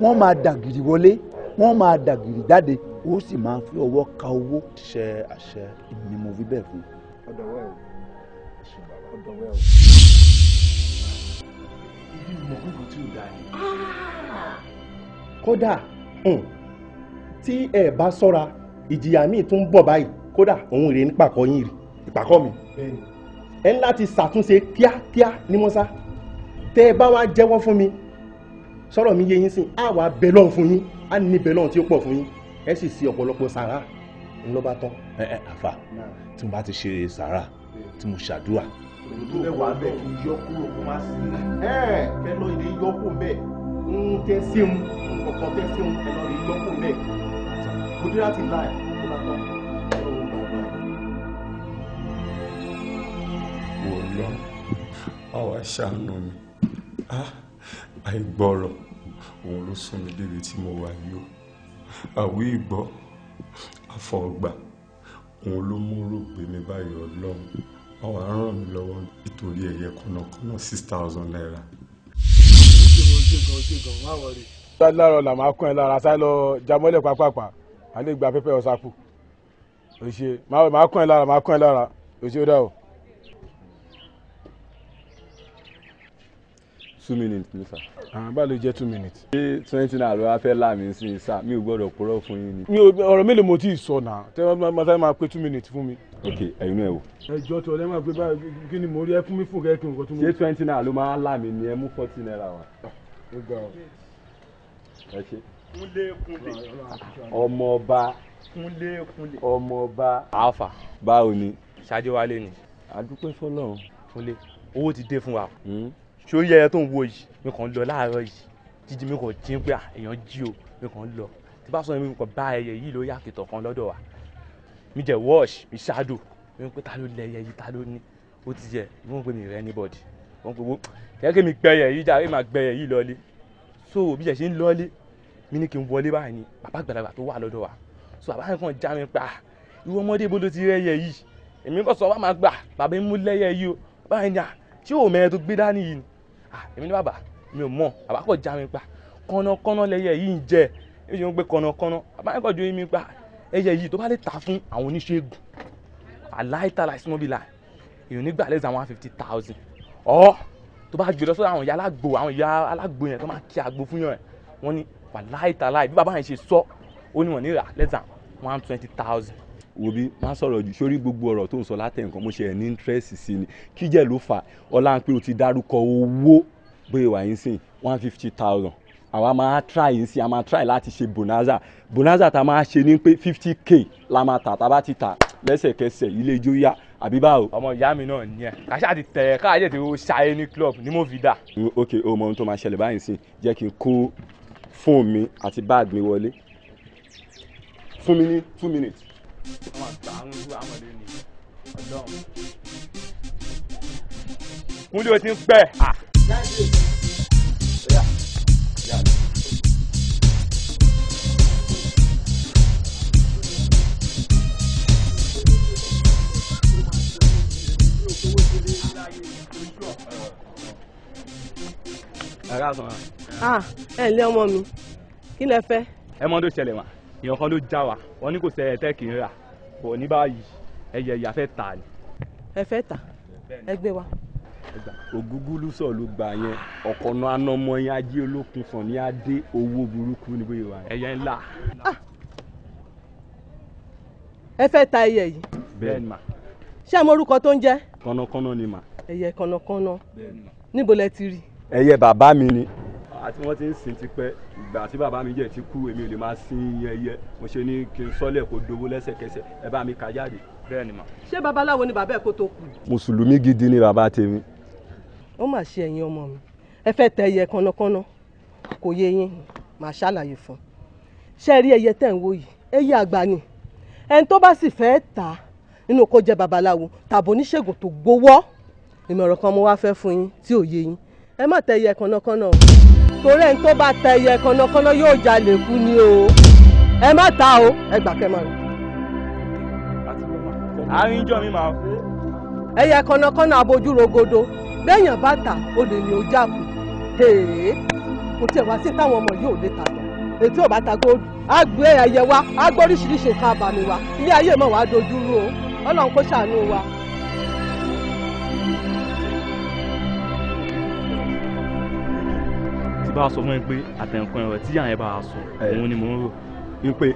wọ́n máa dàgìrì wọlé wọ́n máa dàgìrì jáde ó sì máa fi ọwọ́ ka owó. ṣe àṣẹ ni mo fún. o ọ̀dọ̀wẹ́ o. ibi ìmọ̀ gbogbo tí ò dáa ni. kódà tí ẹ bá ṣọ́ra ìjìyà míì tún ń bọ̀ báyìí kódà òun rèé nípàkọ́ yín rí ìpàkọ́ mi. bẹ́ẹ̀ni ẹ ń láti ṣàtúnṣe kíákíá ní mọ́sá tẹ́ ẹ bá wá jẹ́wọ́ fún mi sọ̀rọ̀ mi yé yín sìn á wà bẹ́lọ̀ fún yín á ní bẹ́lọ̀ tí ó pọ̀ fún yín ẹ sì sí ọ̀pọ̀lọpọ̀ sàrà ńlọ tán. ẹ ẹ àfà tí mo bá ti ṣe sàrà tí mo ṣàdúrà. èyí tó bẹ wà bẹ́ẹ̀ kì í yọ kúrò kó má sí ẹ fẹlọ ilé yọ kó bẹ́ẹ̀ ń tẹ sí mu nǹkan tẹ sí mu fẹlọ ilé yọ kó bẹ́ẹ̀ kò dé láti láì kó ọlọ́run a wá ṣàánú mi ah, àìgbọ́rọ̀ òun ló sún mi débi tí mo wà yìí o àwí ìgbọ́ àfọ̀gbà òun ló mú rògbé mi báyìí ọlọ́run a wá ràn mí lọ́wọ́ nítorí ẹ̀yẹ kọ̀nàkọ̀nà six thousand naira. sáré láàárọ̀ máa kún ẹ lára sáré lọ jamọ́lẹ̀ pápápá àlẹ́ gba pẹ́pẹ́ ọ̀sàkù òṣè máa kún ẹ lára máa kún ẹ lára òṣè ó dá o. two minutes ni sà. báà ló jẹ́ two minutes. ṣé twenty naira ló wá fẹ́ láàmì sí i sà mi ò gbọ́dọ̀ purọ́ fún yín ni. mi ò ọ̀rọ̀ mélòó mo tí ì sọ náà tẹ́ wọ́n máa sáré máa pé two minutes fún mi. ok ẹ̀yin náà ẹ wò. ẹjọ́ tó ọlẹ́ máa gbé báyìí kí ni mo rí ẹ fún mi fún kẹ́kẹ́ nǹkan tó mo. ṣé twenty naira ló máa láàmì ni ẹ mú forty naira wá. ẹ ṣe. kúnlé kúnlé. ọmọ ọba. kúnlé kúnlé. ọmọ ọba. alfa. báwo ni. ṣáájú wálé ni. àdúpẹ́ fọlọ́run. kúnlé owó ti dé fún wa. Hmm? ṣó yẹ tó ń wo yìí mi kàn ń lọ láàárọ̀ yìí jíjí mi kàn jí pé ah, èèyàn jí o mi kàn ń lọ tí bá sọ mi kàn bá ẹyẹ yìí lórí àkìtàn kan lọ́dọ̀ wa mi jẹ wash mi ṣáàdù mi pé ta ló lẹ ẹyẹ yìí ta ló ní ó ti jẹ wọn pè mí rẹ anybody wọn pè wọ kẹ́kẹ́ mi gbẹ̀yẹ yìí jáde máa gbẹ̀yẹ yìí lọ́lé so bí ẹ ṣe ń lọ́lé mi ní kí n wọlé báyìí ni bàbá àgbàlagbà tó wà lọ́dọ̀ wa so bàbá yẹn kàn já mi pa ah, ìwọ ọmọdé bó ló ti rẹ́yẹ yìí èmi kàn sọ wá máa gbà bàbá ń mú lẹ́yẹ yìí o báyìí ni à ah, ṣé òun mẹ́rin tó gbé Ah, èmi ní bàbá mi ò mọ̀ bàbá kò já mi pa kọ́nàkọ́nà lẹ́yẹ yìí ń jẹ èyí ti ń gbé kọ́nàkọ́nà bàbá yẹn kò jó mi pa ẹyẹ yìí tó bá lè ta fún àwọn oníṣègùn aláìtàlà ìsúnmọ́bìlà èyàn nígbà lẹ́sẹ̀ àwọn one fifty thousand ọ̀ tó bá jù lọ sọ́dọ̀ àwọn ìyá alágbo àwọn ìyá alágbo yẹn tó máa kí agbo fún yàn wọ́n ní wàláìtàlà bí bàbá yẹn ṣe sọ ó ní wọ́n ní rà lẹ́sẹ̀ one twenty thousand wo bí má sọ̀rọ̀ jù sórí gbogbo ọ̀rọ̀ tó ń sọ látẹ̀ nǹkan mo ṣe ẹ̀ ní interest sí ni kíjẹ́ ló fà ọlá pé o ti dárúkọ owó bóyá wà yín sìn one fifty thousand àwa máa try yín sí a máa try láti ṣe bonanza bonanza ta máa ṣe ní pé fifty k la máa tà tá a bá ti tà lẹ́sẹ̀kẹsẹ̀ ilé ijó yá àbí báwo. ọmọ ìyá mi náà ni ẹ kàṣà ti tẹ ẹ káàyè tí o ṣayé ní club ni mo fi dà. ok o mọ ohun tó máa ṣẹlẹ̀ báyìí sí jẹ́ kí n kó fóònù mi àti báàgì mi wọlé fún mi ní two minutes àwọn àtàwọn ojú àmọ̀dé ni ọlọ́run. kúnlé o ti ń pẹ́. ẹ ká sọ̀rọ̀. ẹ ǹlẹ́ ọmọ mi kí lẹ fẹ́. ẹ mọ tó ṣẹlẹ̀ wá èèyàn kan ló já wa wọn ní kò sẹ ẹtẹ kì í rà bọ ní báyìí ẹyẹ ìyá fẹ́ tà ni. ẹ fẹ́ tà ẹ gbé wa. ògúgúlù sọ ló gbà yẹn ọ̀kọ̀nà anamọ yẹn ajé olókun sàn ní adé owó burúkú ní bóyá wa ẹyẹ ńlá. Ah! ẹ fẹ́ ta ẹyẹ yìí. bẹ́ẹ̀ ni ṣé àmọ́ orúkọ tó ń jẹ́. kọ́nàkọ́nà ni mà. ẹyẹ kọ́nàkọ́nà níbo lẹ ti rí. ẹyẹ bàbá mi ni. àti wọ́n ti ń sin tipẹ́ ìgbà tí bàbá mi jẹ́ ti kú èmi ò lè máa sin ẹyẹ mo ṣe ní kí n sọ́lẹ̀ kó dowó lẹ́sẹ̀kẹsẹ̀ ẹ bá mi kà jáde. bẹ́ẹ̀ ni mà. ṣé babaláwo ni bàbá ẹ̀ kó tó kù. mùsùlùmí gidi ni bàbá tèmi. ó mà ṣe ẹ̀yin ọmọ mi ẹ fẹ́ tẹ ẹyẹ kànnàkànnà kò yé yín màá ṣàlàyé fún un ṣé ẹ rí ẹyẹ tẹ̀ ń wò yìí ẹyẹ àgbà ni ẹni tó bá sì fẹ́ tà á kó jẹ́ babaláwo tàbí oníṣègùn tó gbowó ìmọ̀ràn kan mo wá fẹ́ fún yín tí ò yé yín ẹ má tẹ ẹyẹ kànnàkànnà torí ẹni tó bá tẹ ẹyẹ kànnàkànnà yóò jalè kú ni o ẹ má ta o ẹ gbà kẹ máa lọ. àárín ìjọ mi máa. ẹyẹ kànnàkànnà abojú rogodo bẹ́ẹ̀yàn bá o lè ní ojú àpò tèè kò tiẹ̀ wá sí táwọn ọmọ yóò lè ta tán ètí ò góòlù á gbé ẹyẹ wa á gbóríṣiríṣi abàmì àbàmì wa ilé ayé mọ̀ wá dojú rú o ọlọ́run kó ṣàánú wa. ti bá sọ fún mi pé àtẹnukàn ẹ̀rọ tí yàrá ẹ bá sọ òun ni mò ń rò ni pé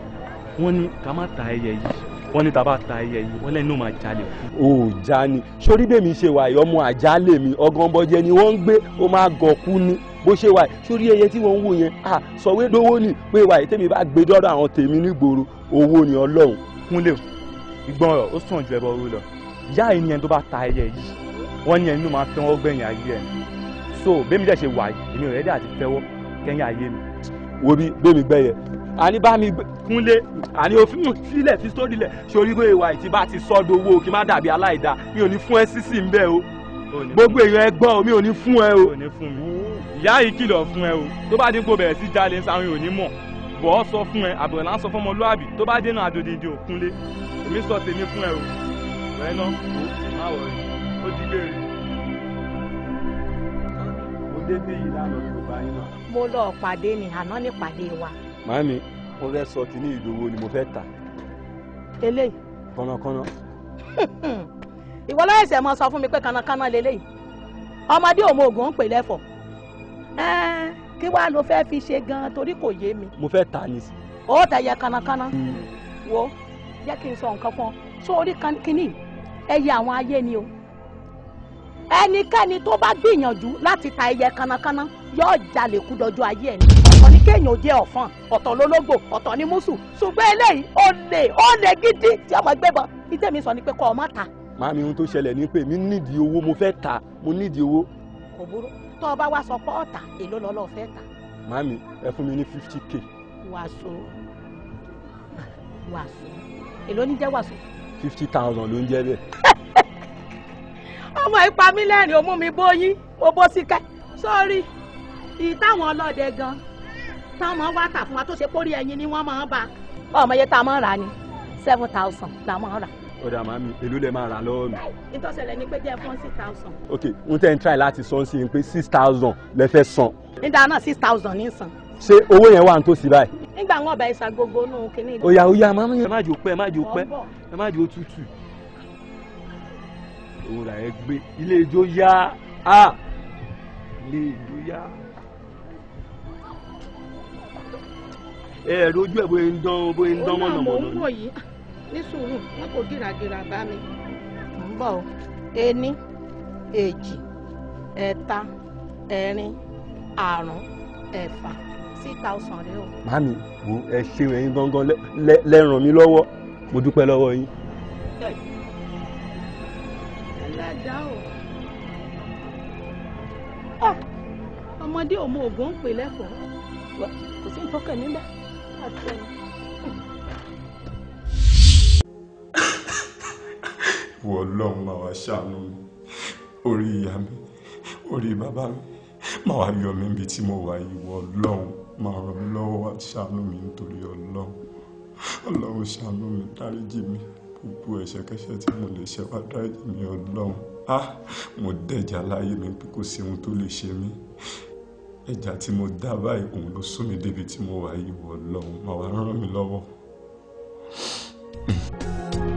wọ́n ní ká má ta ẹyẹ yìí wọ́n ní tá bá ta ẹyẹ yìí wọ́n lẹ́nu ó máa jalè. o ja ni sórí bèmi ṣe wà yìí ọmọ àjálè mi ọgànbọjẹ ni wọ́n ń gbé ó máa gọ̀kú ni bó ṣe wà yìí sórí ẹyẹ tí wọ́n ń wò yẹn à sọ̀wédowó ni pé wà yìí tèmi bá gbé dọ́dọ̀ àwọn tèmi nígboro owó ni ọlọ́run. kúnlẹ̀ ìgbọràn ó sàn ju ẹbọ rú lọ ìyá yìí ẹni tó bá ta ẹyẹ yìí wọ́n ní ẹni ló máa fẹ́ wọ́n gbẹ̀yìn ayé ẹni so bẹ́mi dẹ̀ ṣe wà yìí èmi ò rẹ́dí àti fẹ́wọ́ kẹ́yìn ayé mi. wo bí bẹ́mi gbẹ́yẹ. àní bá mi kúnlé àní òfin sílẹ̀ fi sórí lẹ̀ sórí pé ìwà ìtì bá ti sọ́dọ̀ owó kí má dàbí aláìda mi ò ní fún ẹ sísì ń bẹ́ o gbogbo èèyàn ẹgbọ́n mi ò ní fún ẹ o ìyá yìí kìlọ̀ fún ẹ o tó bá dínkù bẹ̀rẹ̀ sí jalè sáwọn ò ní mọ̀ bọ̀ ọ́ sọ fún ẹ àbọ̀rẹ̀ là ń sọ fún ọmọlúàbí tó bá dénà àdòdìdì òkúnlé èmi sọ tèmi fún ẹ o rẹ náà má wọ̀ ẹ́ ó dìgbére débi yìí lánàá yín náà. mo lọ pàdé ni àná ní pàdé wa. màámi mo fẹ́ sọ kínní ìdòwò ni mo fẹ́ tà. eléyìí. kọ́nàkọ́nà. ìwọ lọ́yẹ̀ sẹ́ mọ sọ fún mi pé kánàkánà leléyìí ọmọdé òun oògùn ń pè lẹ́fọ̀ kí wàá ló fẹ́ fi ṣe gan-an torí kò yé mi. mo fẹ́ tà ní sí. ó tẹ yẹ kánàkánà hmm. wo jẹ́ kí n sọ nǹkan fún ọ sórí kínní ẹyẹ àwọn ayé ni o ẹnikẹ́ni tó bá gbìyànjú láti ta ẹyẹ kanakana yóò jalè kú dọjọ́ ayé ẹni ọ̀tọ̀ ni kéèyàn jẹ́ ọ̀fọ́n ọ̀tọ̀ lólógbò ọ̀tọ̀ ni mùsù ṣùgbọ́n eléyìí ó lè ó lè gidi tí ọmọ gbébọn ìtẹ̀mí sọ ni pé kọ́ ọmọ ta. màámi ohun tó ṣẹlẹ̀ ni pé mi nídìí owó mo fẹ́ ta mo nídìí owó. kò burú tó o bá wá sọ pé ọ̀tà èló lọ́lọ́ fẹ́ ta. màámi ẹ fún mi ní fifty k. wàásù wàásù èló ní jẹ́ wàásù. fifty thousand ló ń jẹ́ bẹ́ẹ̀. ọmọ ipa mi lẹ́rìn omú mi bóyí mo bó síkẹ́ sórí ìtàwọn ọlọ́dẹ gan táwọn wá tà fún wa tó ṣe pórí ẹyin ni wọ́n máa ń ba ọmọ iye tá a máa ń rà ni seven thousand la máa ń rà. ó dà màmí èló lè máa rà lọ́wọ́ mi. ìtọ́sẹ̀lẹ̀ ni pé jẹ́ fún six thousand. ok n tẹ́ ń try láti sọ sí i pé six thousand lẹ fẹ́ san. nígbà náà six thousand ní san. ṣé owó yẹn wà ní tòsí báyìí. nígbà wọn ọba ìṣàgógó nù kínní. ó yá ó yá màmí ẹ má jò pẹ́ ẹ má jò pẹ́ ẹ má jò tútù òun là ẹ gbé ilé ijó yá á ilé ijó yá. ẹ̀ẹ́dì ojú ẹ̀ bóyá ń dán bóyá ń dán mọ̀nàmọ́ná. òun náà mò ń wò yìí ní sùúrù wọn kò gíragíra bá mi. ń bọ̀ ọ́ ení èjì ẹ̀ta ẹ̀rin àrún ẹ̀fà six thousand rẹ o. màámi wo ẹ ṣeun ẹyin gangan lẹ́ràn mi lọ́wọ́ mo dúpẹ́ lọ́wọ́ yín dá o. Ah! ọmọdé ò mọ ògùn ń pè lẹ́kọ̀ọ́ kò sí nǹkan kàn nígbà àti ẹni. ìwọ ọlọ́run máa wá ṣàánú mi orí ìyá mi orí bàbá mi máa wá yọ mí níbi tí mo wà ìwọ ọlọ́run máa ràn mí lọ́wọ́ wá ṣàánú mi nítorí ọlọ́run ọlọ́run ṣàánú mi dáríjì mi gbogbo ẹ̀ṣẹ̀kẹ́ṣẹ̀ tí mo lè ṣe wá dáríjì mi ọlọ́run mo dẹjà láyé mi pé kò sí ohun tó lè ṣe mí ẹjà tí mo dá báyìí òun ló sún mi débi tí mo wà yìí wọ̀ lọ́hùn máa wá ràn mí lọ́wọ́. thank you